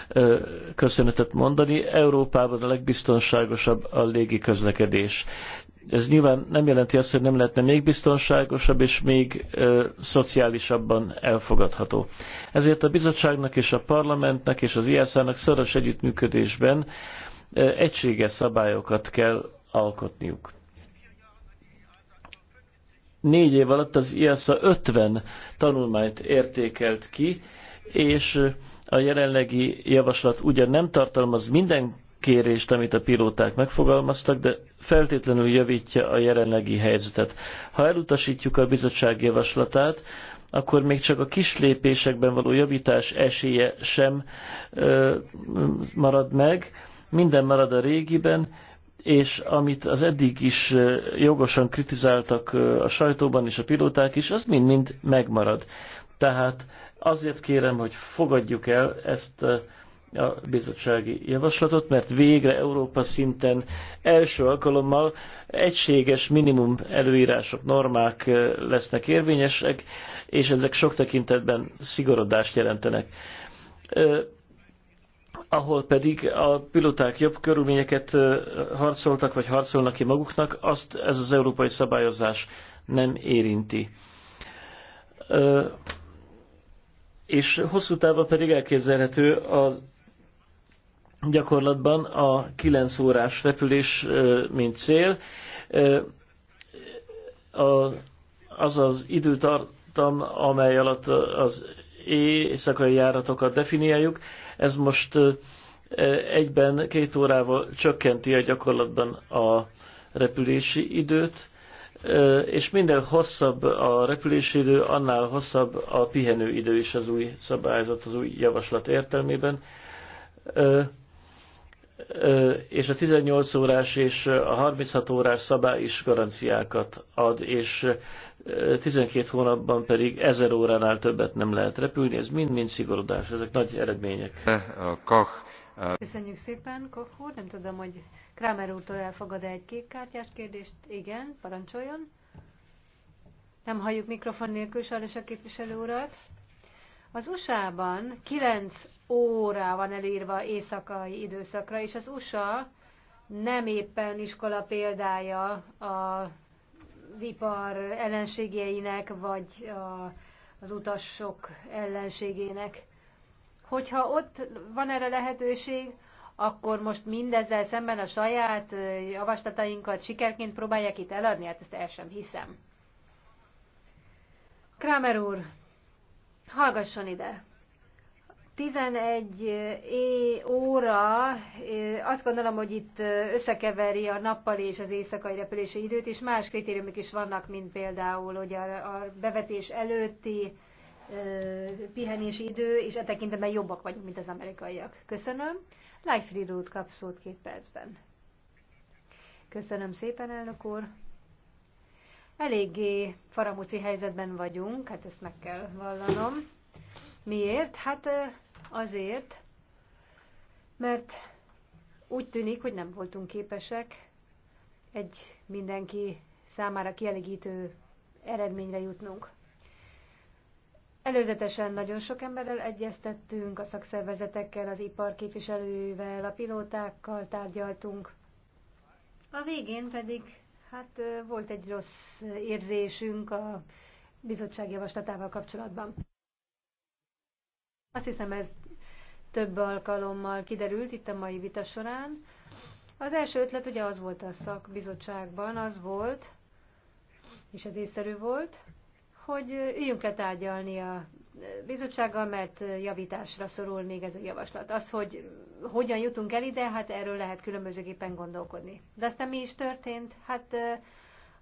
ö, köszönetet mondani. Európában a legbiztonságosabb a légi közlekedés. Ez nyilván nem jelenti azt, hogy nem lehetne még biztonságosabb és még ö, szociálisabban elfogadható. Ezért a bizottságnak és a parlamentnek és az IASZ-nak szoros együttműködésben ö, egységes szabályokat kell alkotniuk négy év alatt az IASA 50 tanulmányt értékelt ki, és a jelenlegi javaslat ugyan nem tartalmaz minden kérést, amit a pilóták megfogalmaztak, de feltétlenül javítja a jelenlegi helyzetet. Ha elutasítjuk a bizottság javaslatát, akkor még csak a kis lépésekben való javítás esélye sem ö, marad meg, minden marad a régiben, és amit az eddig is jogosan kritizáltak a sajtóban és a pilóták is, az mind-mind megmarad. Tehát azért kérem, hogy fogadjuk el ezt a bizottsági javaslatot, mert végre Európa szinten első alkalommal egységes minimum előírások, normák lesznek érvényesek, és ezek sok tekintetben szigorodást jelentenek ahol pedig a piloták jobb körülményeket harcoltak, vagy harcolnak ki maguknak, azt ez az európai szabályozás nem érinti. És hosszú távon pedig elképzelhető a gyakorlatban a 9 órás repülés, mint cél. Az az időtartam, amely alatt az éjszakai járatokat definiáljuk. Ez most egyben két órával csökkenti a gyakorlatban a repülési időt, és minden hosszabb a repülési idő, annál hosszabb a pihenő idő is az új szabályzat, az új javaslat értelmében. És a 18 órás és a 36 órás szabály is garanciákat ad, és 12 hónapban pedig 1000 óránál többet nem lehet repülni, ez mind-mind szigorodás, ezek nagy eredmények. Eh, eh, Köszönjük szépen, Koch úr. Nem tudom, hogy Kramer úrtól elfogad -e egy kékkártyás kérdést. Igen, parancsoljon. Nem halljuk mikrofon nélkül sajnos a képviselő urat. Az USA-ban 9 óra van elírva éjszakai időszakra, és az USA nem éppen iskola példája a az ipar ellenségeinek, vagy a, az utasok ellenségének. Hogyha ott van erre lehetőség, akkor most mindezzel szemben a saját javaslatainkat sikerként próbálják itt eladni? Hát ezt el sem hiszem. Kramer úr, hallgasson ide! 11 eh, óra, eh, azt gondolom, hogy itt eh, összekeveri a nappali és az éjszakai repülési időt, és más kritériumok is vannak, mint például hogy a, a bevetés előtti pihenési idő, és e tekintetben jobbak vagyunk, mint az amerikaiak. Köszönöm. Free Road kap szót két percben. Köszönöm szépen, elnök úr. Eléggé faramúci helyzetben vagyunk, hát ezt meg kell vallanom. Miért? Hát Azért, mert úgy tűnik, hogy nem voltunk képesek egy mindenki számára kielégítő eredményre jutnunk. Előzetesen nagyon sok emberrel egyeztettünk, a szakszervezetekkel, az iparképviselővel, a pilótákkal tárgyaltunk. A végén pedig hát volt egy rossz érzésünk a bizottság javaslatával kapcsolatban. Azt hiszem ez több alkalommal kiderült itt a mai vita során. Az első ötlet ugye az volt a szakbizottságban, az volt, és ez észszerű volt, hogy üljünk le tárgyalni a bizottsággal, mert javításra szorul még ez a javaslat. Az, hogy hogyan jutunk el ide, hát erről lehet különbözőképpen gondolkodni. De aztán mi is történt? Hát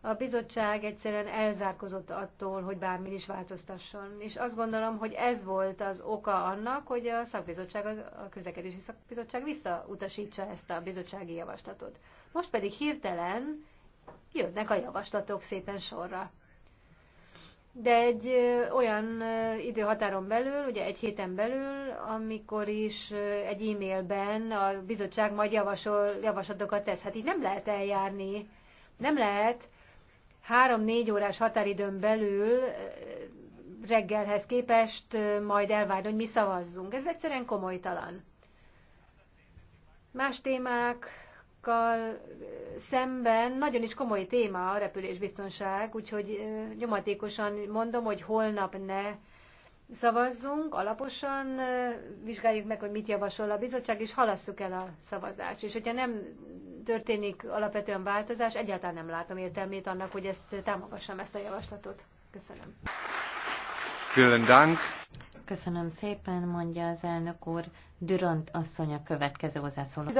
a bizottság egyszerűen elzárkozott attól, hogy bármi is változtasson. És azt gondolom, hogy ez volt az oka annak, hogy a szakbizottság, a közlekedési szakbizottság visszautasítsa ezt a bizottsági javaslatot. Most pedig hirtelen jönnek a javaslatok szépen sorra. De egy olyan időhatáron belül, ugye egy héten belül, amikor is egy e-mailben a bizottság majd javasol, javaslatokat tesz. Hát így nem lehet eljárni. Nem lehet három-négy órás határidőn belül reggelhez képest majd elvárni, hogy mi szavazzunk. Ez egyszerűen komolytalan. Más témákkal szemben nagyon is komoly téma a repülésbiztonság, úgyhogy nyomatékosan mondom, hogy holnap ne szavazzunk, alaposan vizsgáljuk meg, hogy mit javasol a bizottság, és halasszuk el a szavazást. És hogyha nem történik alapvetően változás, egyáltalán nem látom értelmét annak, hogy ezt támogassam ezt a javaslatot. Köszönöm. Köszönöm szépen, mondja az elnök úr. Dürant asszony a következő hozzászóló.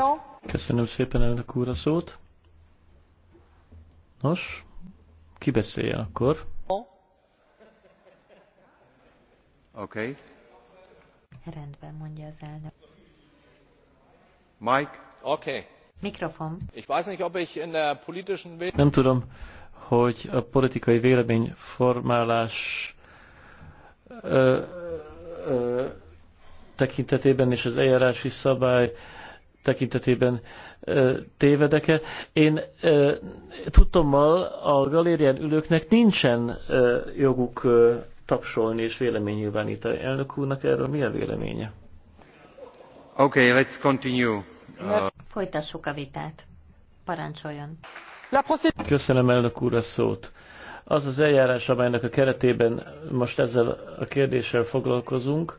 Köszönöm szépen, elnök úr, a szót. Nos, ki beszéljen akkor? Okay. Rendben, mondja az elnök. Mike. Okay. Mikrofon. Ich weiß nicht, ob ich in der politischen Nem tudom, hogy a politikai véleményformálás ö, ö, tekintetében és az eljárási szabály tekintetében tévedeke. Én tudtommal a galérián ülőknek nincsen ö, joguk ö, tapsolni és véleménynyilvánítani. Elnök úrnak erről mi a véleménye? Okay, let's continue. Uh... Folytassuk a vitát. Parancsoljon. Köszönöm elnök úr a szót. Az az eljárás, amelynek a keretében most ezzel a kérdéssel foglalkozunk,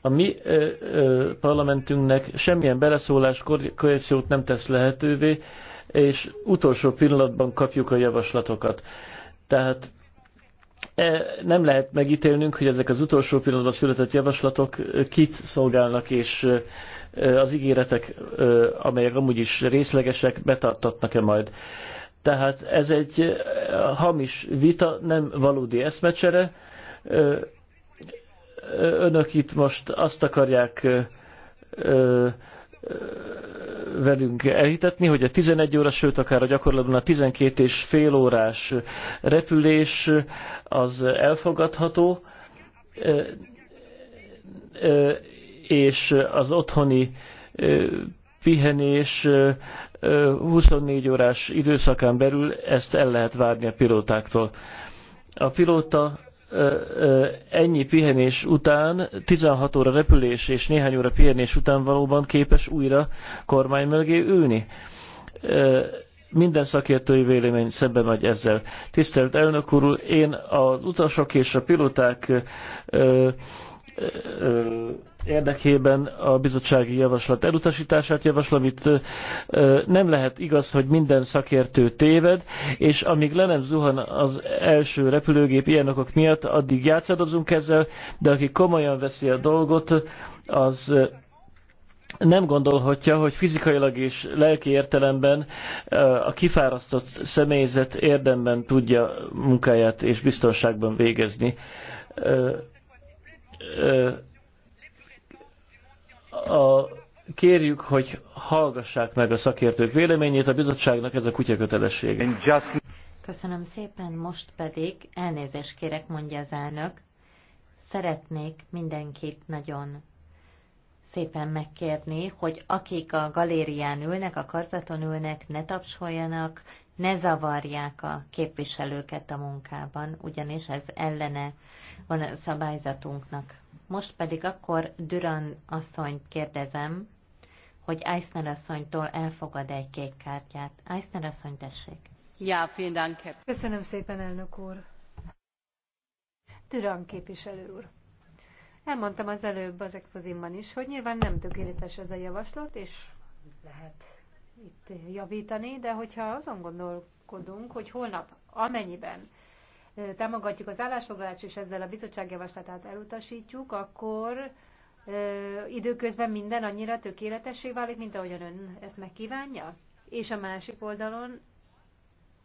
a mi ö, ö, parlamentünknek semmilyen beleszólás, koalíciót nem tesz lehetővé, és utolsó pillanatban kapjuk a javaslatokat. Tehát E, nem lehet megítélnünk, hogy ezek az utolsó pillanatban született javaslatok e, kit szolgálnak, és e, az ígéretek, amelyek amúgy is részlegesek, betartatnak-e majd. Tehát ez egy hamis vita, nem valódi eszmecsere. Önök itt most azt akarják velünk elhitetni, hogy a 11 óra, sőt akár a gyakorlatban a 12 és fél órás repülés az elfogadható, és az otthoni pihenés 24 órás időszakán belül ezt el lehet várni a pilótáktól. A pilóta ennyi pihenés után, 16 óra repülés és néhány óra pihenés után valóban képes újra kormány mögé ülni. Minden szakértői vélemény szembe megy ezzel. Tisztelt elnök úr, én az utasok és a piloták érdekében a bizottsági javaslat elutasítását javaslom, Itt nem lehet igaz, hogy minden szakértő téved, és amíg le nem zuhan az első repülőgép ilyen okok miatt, addig játszadozunk ezzel, de aki komolyan veszi a dolgot, az nem gondolhatja, hogy fizikailag és lelki értelemben a kifárasztott személyzet érdemben tudja munkáját és biztonságban végezni a, kérjük, hogy hallgassák meg a szakértők véleményét, a bizottságnak ez a kutya kötelessége. Köszönöm szépen, most pedig elnézést kérek, mondja az elnök. Szeretnék mindenkit nagyon szépen megkérni, hogy akik a galérián ülnek, a karzaton ülnek, ne tapsoljanak, ne zavarják a képviselőket a munkában, ugyanis ez ellene van a szabályzatunknak. Most pedig akkor Düran asszonyt kérdezem, hogy Eisner asszonytól elfogad egy kék kártyát. Eisner asszony, tessék. Ja, vielen Dank. Köszönöm szépen, elnök úr. Duran képviselő úr. Elmondtam az előbb az expozimban is, hogy nyilván nem tökéletes ez a javaslat, és lehet itt javítani, de hogyha azon gondolkodunk, hogy holnap amennyiben támogatjuk az állásfoglalást, és ezzel a bizottság javaslatát elutasítjuk, akkor időközben minden annyira tökéletessé válik, mint ahogyan ön ezt megkívánja? És a másik oldalon,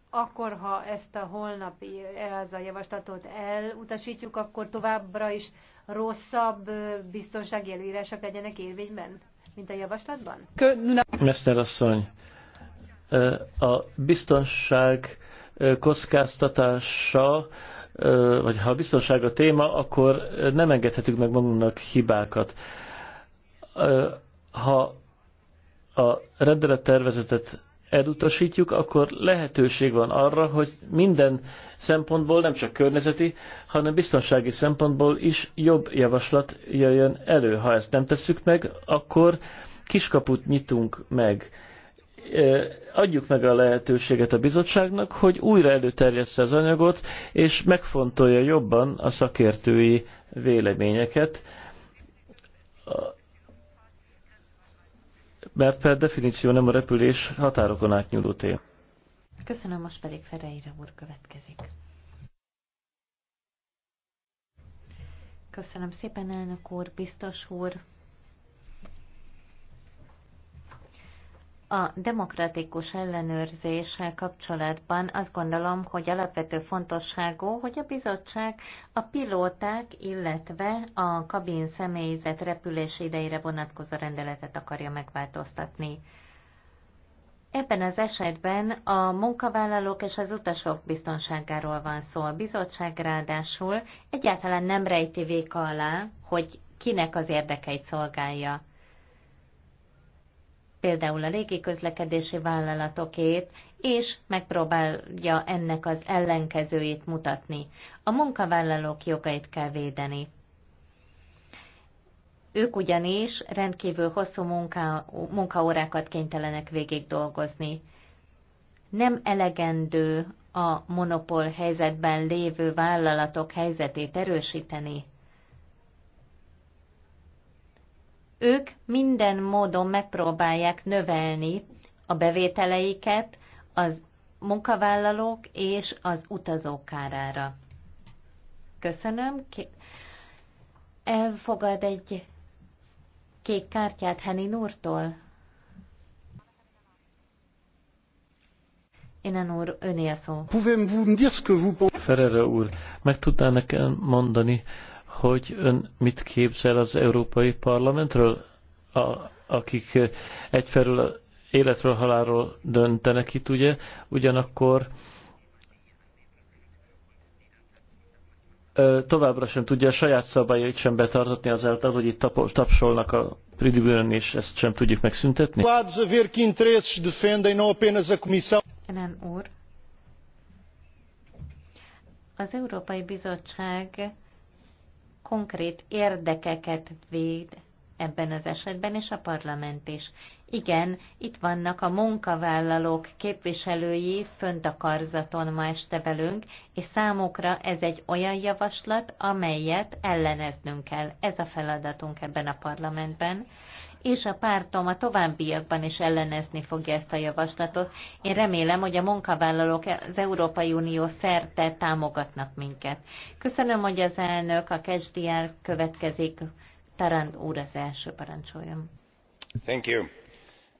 akkor ha ezt a holnapi ez a javaslatot elutasítjuk, akkor továbbra is rosszabb biztonsági előírások legyenek érvényben? mint a javaslatban? Mester asszony, a biztonság kockáztatása, vagy ha a biztonság a téma, akkor nem engedhetünk meg magunknak hibákat. Ha a rendelettervezetet elutasítjuk, akkor lehetőség van arra, hogy minden szempontból, nem csak környezeti, hanem biztonsági szempontból is jobb javaslat jöjjön elő. Ha ezt nem tesszük meg, akkor kiskaput nyitunk meg. Adjuk meg a lehetőséget a bizottságnak, hogy újra előterjessze az anyagot, és megfontolja jobban a szakértői véleményeket mert per definíció nem a repülés határokon átnyúló tél. Köszönöm, most pedig Ferreira úr következik. Köszönöm szépen, elnök úr, biztos úr. A demokratikus ellenőrzéssel kapcsolatban azt gondolom, hogy alapvető fontosságú, hogy a bizottság a pilóták, illetve a kabin személyzet repülés idejére vonatkozó rendeletet akarja megváltoztatni. Ebben az esetben a munkavállalók és az utasok biztonságáról van szó. A bizottság ráadásul egyáltalán nem rejti véka alá, hogy kinek az érdekeit szolgálja például a légiközlekedési vállalatokét, és megpróbálja ennek az ellenkezőjét mutatni. A munkavállalók jogait kell védeni. Ők ugyanis rendkívül hosszú munka, munkaórákat kénytelenek végig dolgozni. Nem elegendő a monopól helyzetben lévő vállalatok helyzetét erősíteni. Ők minden módon megpróbálják növelni a bevételeiket az munkavállalók és az utazók kárára. Köszönöm. Elfogad egy kék kártyát Henin úrtól? Innen úr, öné a szó. Ferere úr, meg tudná nekem mondani, hogy ön mit képzel az Európai Parlamentről, a, akik egyfelől életről, halálról döntenek itt, ugye, ugyanakkor továbbra sem tudja a saját szabályait sem betartatni azáltal, hogy itt tapsolnak a Pridibőn, és ezt sem tudjuk megszüntetni? Ellen úr, az Európai Bizottság konkrét érdekeket véd ebben az esetben, és a parlament is. Igen, itt vannak a munkavállalók képviselői fönt a karzaton ma este velünk, és számukra ez egy olyan javaslat, amelyet elleneznünk kell. Ez a feladatunk ebben a parlamentben, és a pártom a továbbiakban is ellenezni fogja ezt a javaslatot. Én remélem, hogy a munkavállalók az Európai Unió szerte támogatnak minket. Köszönöm, hogy az elnök, a KSDR következik. Tarand úr az első parancsoljon. Thank you.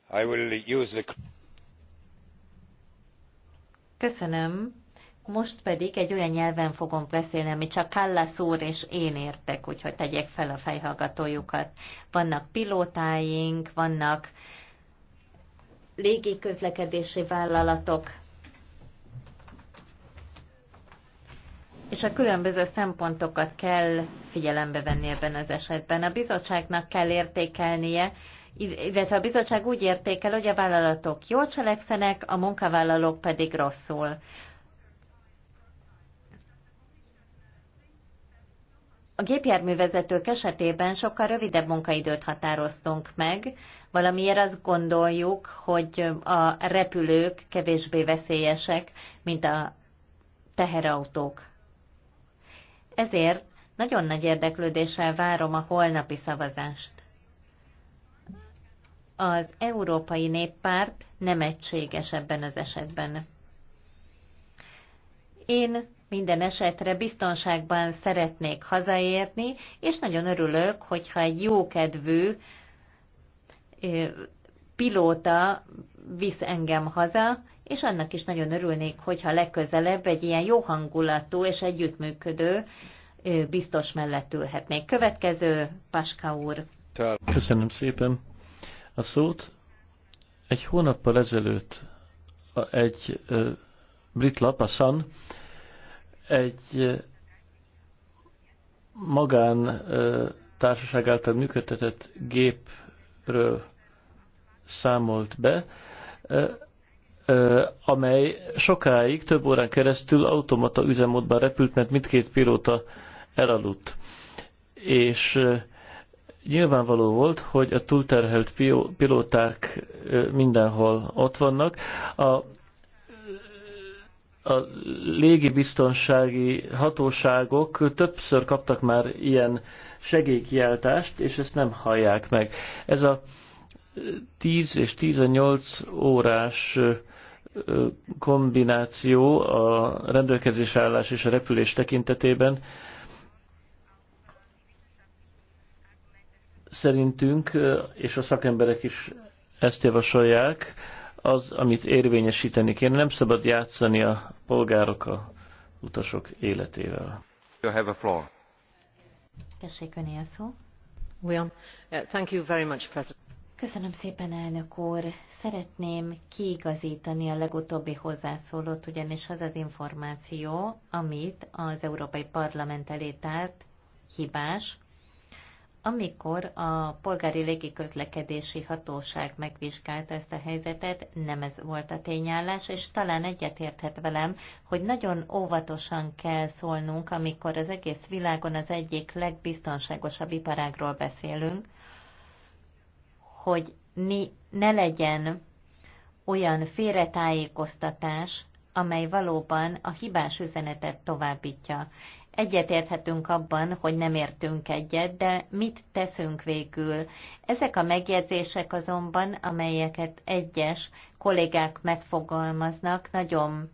I will use the... Köszönöm. Most pedig egy olyan nyelven fogom beszélni, ami csak Kallas úr és én értek, úgyhogy tegyek fel a fejhallgatójukat. Vannak pilótáink, vannak légiközlekedési vállalatok, és a különböző szempontokat kell figyelembe venni ebben az esetben. A bizottságnak kell értékelnie, illetve a bizottság úgy értékel, hogy a vállalatok jól cselekszenek, a munkavállalók pedig rosszul. A gépjárművezetők esetében sokkal rövidebb munkaidőt határoztunk meg, valamiért azt gondoljuk, hogy a repülők kevésbé veszélyesek, mint a teherautók. Ezért nagyon nagy érdeklődéssel várom a holnapi szavazást. Az Európai Néppárt nem egységes ebben az esetben. Én minden esetre biztonságban szeretnék hazaérni, és nagyon örülök, hogyha egy jókedvű pilóta visz engem haza, és annak is nagyon örülnék, hogyha legközelebb egy ilyen jó hangulatú és együttműködő biztos mellett ülhetnék. Következő, Paska úr. Köszönöm szépen a szót. Egy hónappal ezelőtt egy brit lap, a Sun, egy magán társaság által működtetett gépről számolt be, amely sokáig, több órán keresztül automata üzemmódban repült, mert mindkét pilóta elaludt. És nyilvánvaló volt, hogy a túlterhelt pilóták mindenhol ott vannak. A a légi biztonsági hatóságok többször kaptak már ilyen segélykiáltást, és ezt nem hallják meg. Ez a 10 és 18 órás kombináció a rendelkezés állás és a repülés tekintetében szerintünk, és a szakemberek is ezt javasolják, az, amit érvényesíteni kéne. Nem szabad játszani a polgárok, a utasok életével. You have a floor. Tessék öné a szó. William, thank you very much, President. Köszönöm szépen, elnök úr. Szeretném kiigazítani a legutóbbi hozzászólót, ugyanis az az információ, amit az Európai Parlament elé tárt, hibás, amikor a polgári légiközlekedési hatóság megvizsgálta ezt a helyzetet, nem ez volt a tényállás, és talán egyetérthet velem, hogy nagyon óvatosan kell szólnunk, amikor az egész világon az egyik legbiztonságosabb iparágról beszélünk, hogy ne legyen olyan félretájékoztatás, amely valóban a hibás üzenetet továbbítja egyetérthetünk abban, hogy nem értünk egyet, de mit teszünk végül? Ezek a megjegyzések azonban, amelyeket egyes kollégák megfogalmaznak, nagyon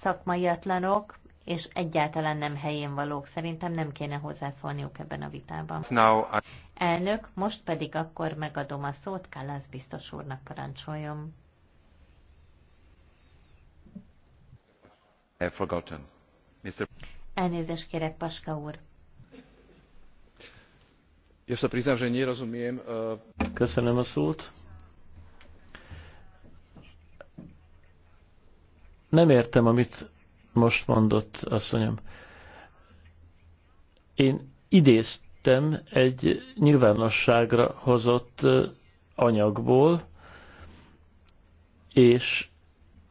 szakmaiatlanok, és egyáltalán nem helyén valók. Szerintem nem kéne hozzászólniuk ebben a vitában. Now I... Elnök, most pedig akkor megadom a szót, Kallász biztos úrnak parancsoljon. I've forgotten. Mr. Elnézést kérek, Paska úr. Ja sa priznám, že nerozumiem. Eh, Köszönöm a szót. Nem értem, amit most mondott, asszonyom. Én idéztem egy nyilvánosságra hozott eh, anyagból, és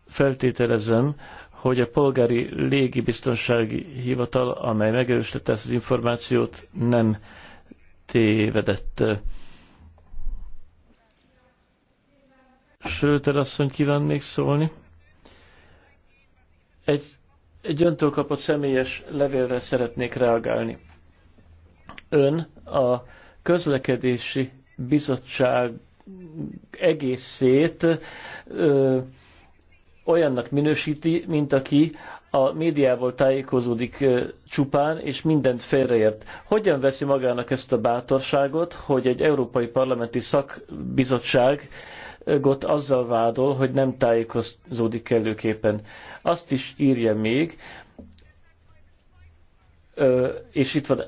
feltételezem, hogy a polgári légibiztonsági hivatal, amely megerősítette ezt az információt, nem tévedett. Sőt, asszony kíván még szólni. Egy, egy öntől kapott személyes levélre szeretnék reagálni. Ön a közlekedési bizottság egészét ö, olyannak minősíti, mint aki a médiából tájékozódik csupán, és mindent félreért. Hogyan veszi magának ezt a bátorságot, hogy egy európai parlamenti szakbizottságot azzal vádol, hogy nem tájékozódik kellőképpen? Azt is írja még, és itt van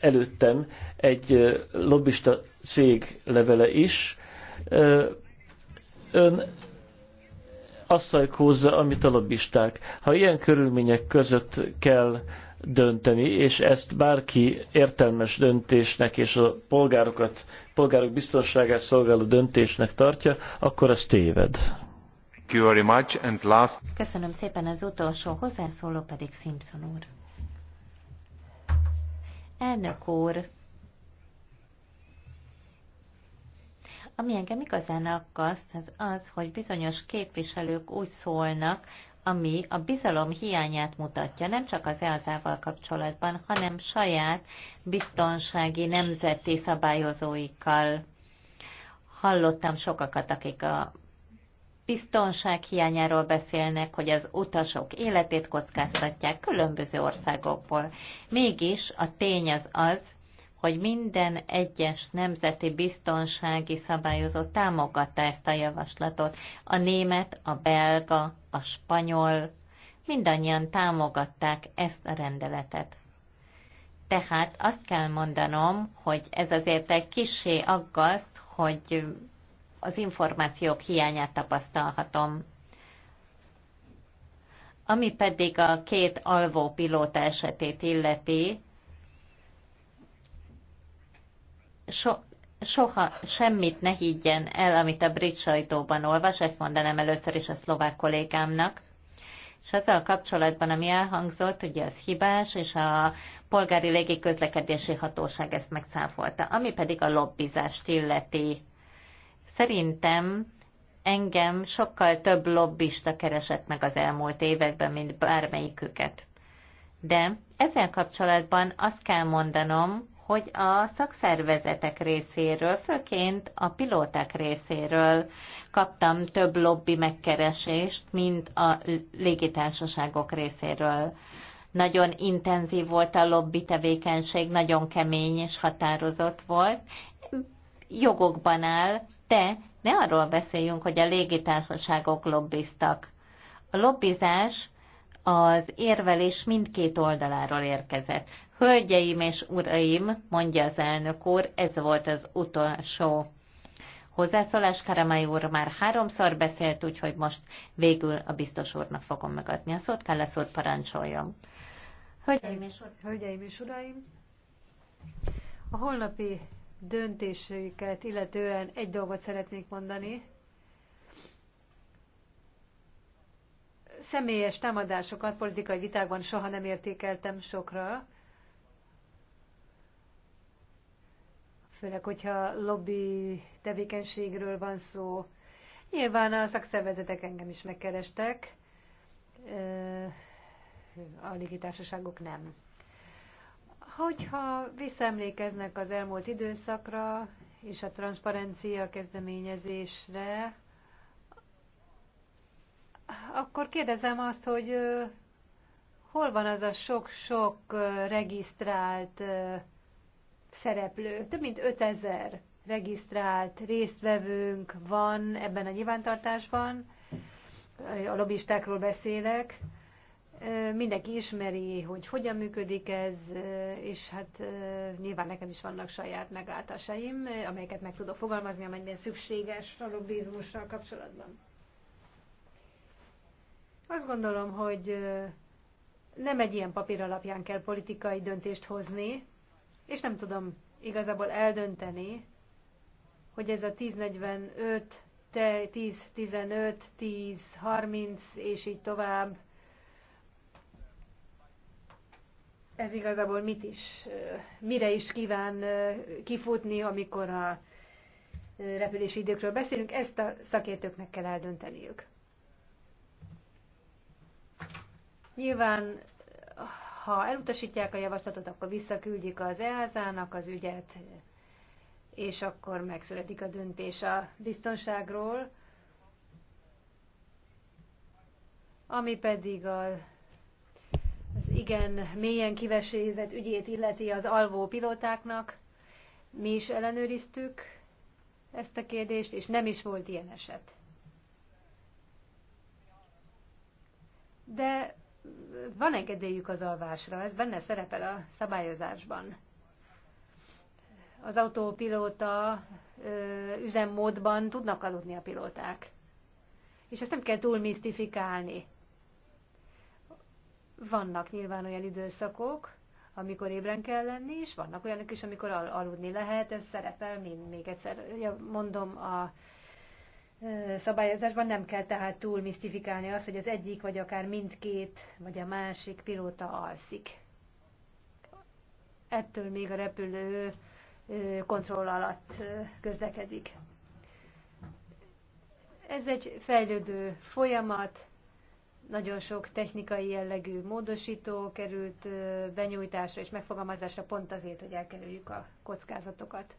előttem egy lobbista cég levele is. Ön asszajkózza, amit a lobbisták. Ha ilyen körülmények között kell dönteni, és ezt bárki értelmes döntésnek és a polgárokat, polgárok biztonságát szolgáló döntésnek tartja, akkor az téved. Köszönöm szépen az utolsó hozzászóló pedig Simpson úr. Elnök úr, Ami engem igazán aggaszt, az az, hogy bizonyos képviselők úgy szólnak, ami a bizalom hiányát mutatja, nem csak az EASA-val kapcsolatban, hanem saját biztonsági nemzeti szabályozóikkal. Hallottam sokakat, akik a biztonság hiányáról beszélnek, hogy az utasok életét kockáztatják különböző országokból. Mégis a tény az az, hogy minden egyes nemzeti biztonsági szabályozó támogatta ezt a javaslatot. A német, a belga, a spanyol, mindannyian támogatták ezt a rendeletet. Tehát azt kell mondanom, hogy ez azért egy kisé aggaszt, hogy az információk hiányát tapasztalhatom. Ami pedig a két alvó pilóta esetét illeti, so, soha semmit ne higgyen el, amit a brit sajtóban olvas, ezt mondanám először is a szlovák kollégámnak. És azzal kapcsolatban, ami elhangzott, ugye az hibás, és a polgári légiközlekedési hatóság ezt megcáfolta. Ami pedig a lobbizást illeti. Szerintem engem sokkal több lobbista keresett meg az elmúlt években, mint bármelyiküket. De ezzel kapcsolatban azt kell mondanom, hogy a szakszervezetek részéről, főként a pilóták részéről kaptam több lobby megkeresést, mint a légitársaságok részéről. Nagyon intenzív volt a lobby tevékenység, nagyon kemény és határozott volt. Jogokban áll, de ne arról beszéljünk, hogy a légitársaságok lobbiztak. A lobbizás az érvelés mindkét oldaláról érkezett. Hölgyeim és uraim, mondja az elnök úr, ez volt az utolsó hozzászólás. Karamai úr már háromszor beszélt, úgyhogy most végül a biztos úrnak fogom megadni a szót. Kell a szót parancsoljon. Hölgyeim és, Hölgyeim és uraim, a holnapi döntésüket illetően egy dolgot szeretnék mondani. Személyes támadásokat politikai vitákban soha nem értékeltem sokra, főleg, hogyha lobby tevékenységről van szó. Nyilván a szakszervezetek engem is megkerestek, a légitársaságok nem. Hogyha visszaemlékeznek az elmúlt időszakra és a transzparencia kezdeményezésre, akkor kérdezem azt, hogy hol van az a sok-sok regisztrált szereplő, több mint 5000 regisztrált résztvevőnk van ebben a nyilvántartásban, a lobbistákról beszélek, mindenki ismeri, hogy hogyan működik ez, és hát nyilván nekem is vannak saját meglátásaim, amelyeket meg tudok fogalmazni, amennyiben szükséges a lobbizmussal kapcsolatban. Azt gondolom, hogy nem egy ilyen papír alapján kell politikai döntést hozni, és nem tudom igazából eldönteni, hogy ez a 1045, 10-15, 10-30 és így tovább, ez igazából mit is, mire is kíván kifutni, amikor a repülési időkről beszélünk, ezt a szakértőknek kell eldönteniük. Nyilván ha elutasítják a javaslatot, akkor visszaküldjük az EASA-nak az ügyet, és akkor megszületik a döntés a biztonságról, ami pedig a, az igen mélyen kivesézett ügyét illeti az alvó pilótáknak. Mi is ellenőriztük ezt a kérdést, és nem is volt ilyen eset. De van engedélyük az alvásra, ez benne szerepel a szabályozásban. Az autópilóta üzemmódban tudnak aludni a pilóták. És ezt nem kell túl misztifikálni. Vannak nyilván olyan időszakok, amikor ébren kell lenni, és vannak olyanok is, amikor al- aludni lehet, ez szerepel, mint még egyszer mondom a szabályozásban nem kell tehát túl misztifikálni azt, hogy az egyik, vagy akár mindkét, vagy a másik pilóta alszik. Ettől még a repülő kontroll alatt közlekedik. Ez egy fejlődő folyamat, nagyon sok technikai jellegű módosító került benyújtásra és megfogalmazásra pont azért, hogy elkerüljük a kockázatokat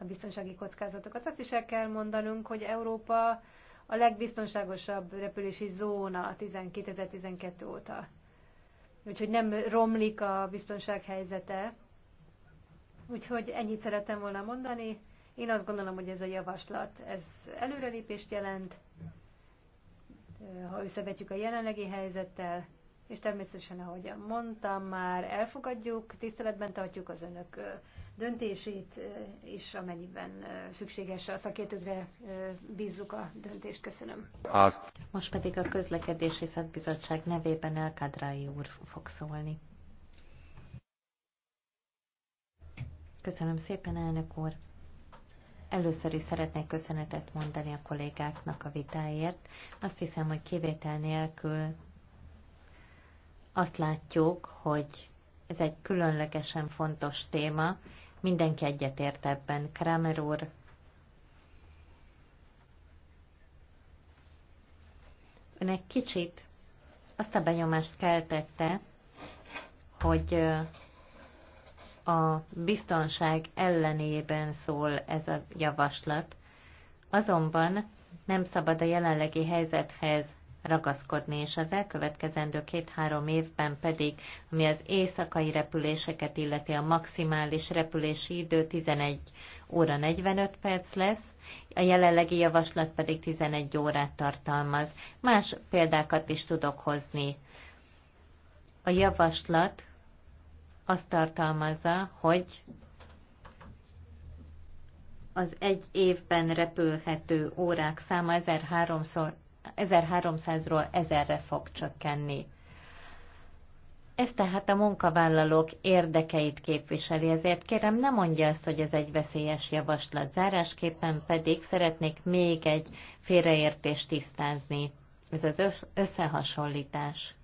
a biztonsági kockázatokat. Azt is el kell mondanunk, hogy Európa a legbiztonságosabb repülési zóna 2012 óta. Úgyhogy nem romlik a biztonság helyzete. Úgyhogy ennyit szerettem volna mondani. Én azt gondolom, hogy ez a javaslat, ez előrelépést jelent, ha összevetjük a jelenlegi helyzettel, és természetesen, ahogy mondtam már, elfogadjuk, tiszteletben tartjuk az önök döntését, és amennyiben szükséges a szakértőkre bízzuk a döntést. Köszönöm. Azt. Most pedig a közlekedési szakbizottság nevében Elkádrái úr fog szólni. Köszönöm szépen, elnök úr. Először is szeretnék köszönetet mondani a kollégáknak a vitáért. Azt hiszem, hogy kivétel nélkül azt látjuk, hogy ez egy különlegesen fontos téma, Mindenki egyetért ebben. Kramer úr. Ön kicsit azt a benyomást keltette, hogy a biztonság ellenében szól ez a javaslat. Azonban nem szabad a jelenlegi helyzethez ragaszkodni, és az elkövetkezendő két-három évben pedig, ami az éjszakai repüléseket illeti, a maximális repülési idő 11 óra 45 perc lesz, a jelenlegi javaslat pedig 11 órát tartalmaz. Más példákat is tudok hozni. A javaslat azt tartalmazza, hogy az egy évben repülhető órák száma 1300-szor 1300-ról 1000-re fog csökkenni. Ez tehát a munkavállalók érdekeit képviseli, ezért kérem ne mondja azt, hogy ez egy veszélyes javaslat. Zárásképpen pedig szeretnék még egy félreértést tisztázni. Ez az összehasonlítás.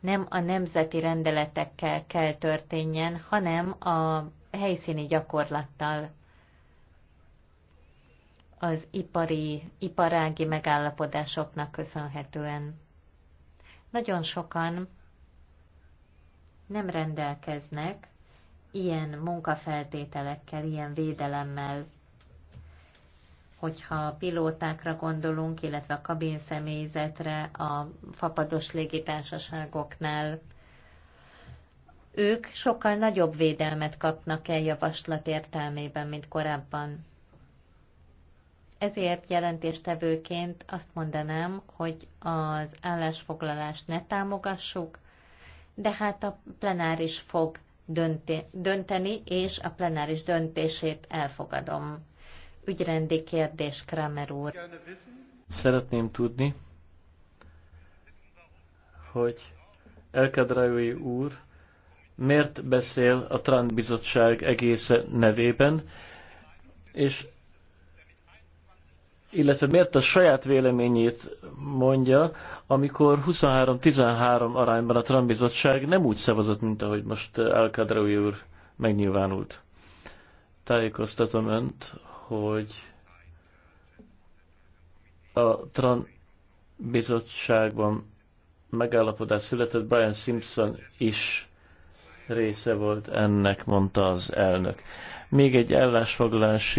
Nem a nemzeti rendeletekkel kell történjen, hanem a helyszíni gyakorlattal az ipari, iparági megállapodásoknak köszönhetően. Nagyon sokan nem rendelkeznek ilyen munkafeltételekkel, ilyen védelemmel, hogyha a pilótákra gondolunk, illetve a kabin személyzetre, a fapados légitársaságoknál, ők sokkal nagyobb védelmet kapnak el javaslat értelmében, mint korábban ezért jelentéstevőként azt mondanám, hogy az állásfoglalást ne támogassuk, de hát a plenáris fog dönteni, és a plenáris döntését elfogadom. Ügyrendi kérdés, Kramer úr. Szeretném tudni, hogy Elkadrajói úr miért beszél a Trump bizottság egész nevében, és illetve miért a saját véleményét mondja, amikor 23-13 arányban a Trump bizottság nem úgy szavazott, mint ahogy most al úr megnyilvánult. Tájékoztatom önt, hogy a Trump bizottságban megállapodás született, Brian Simpson is része volt ennek, mondta az elnök. Még egy ellásfoglalási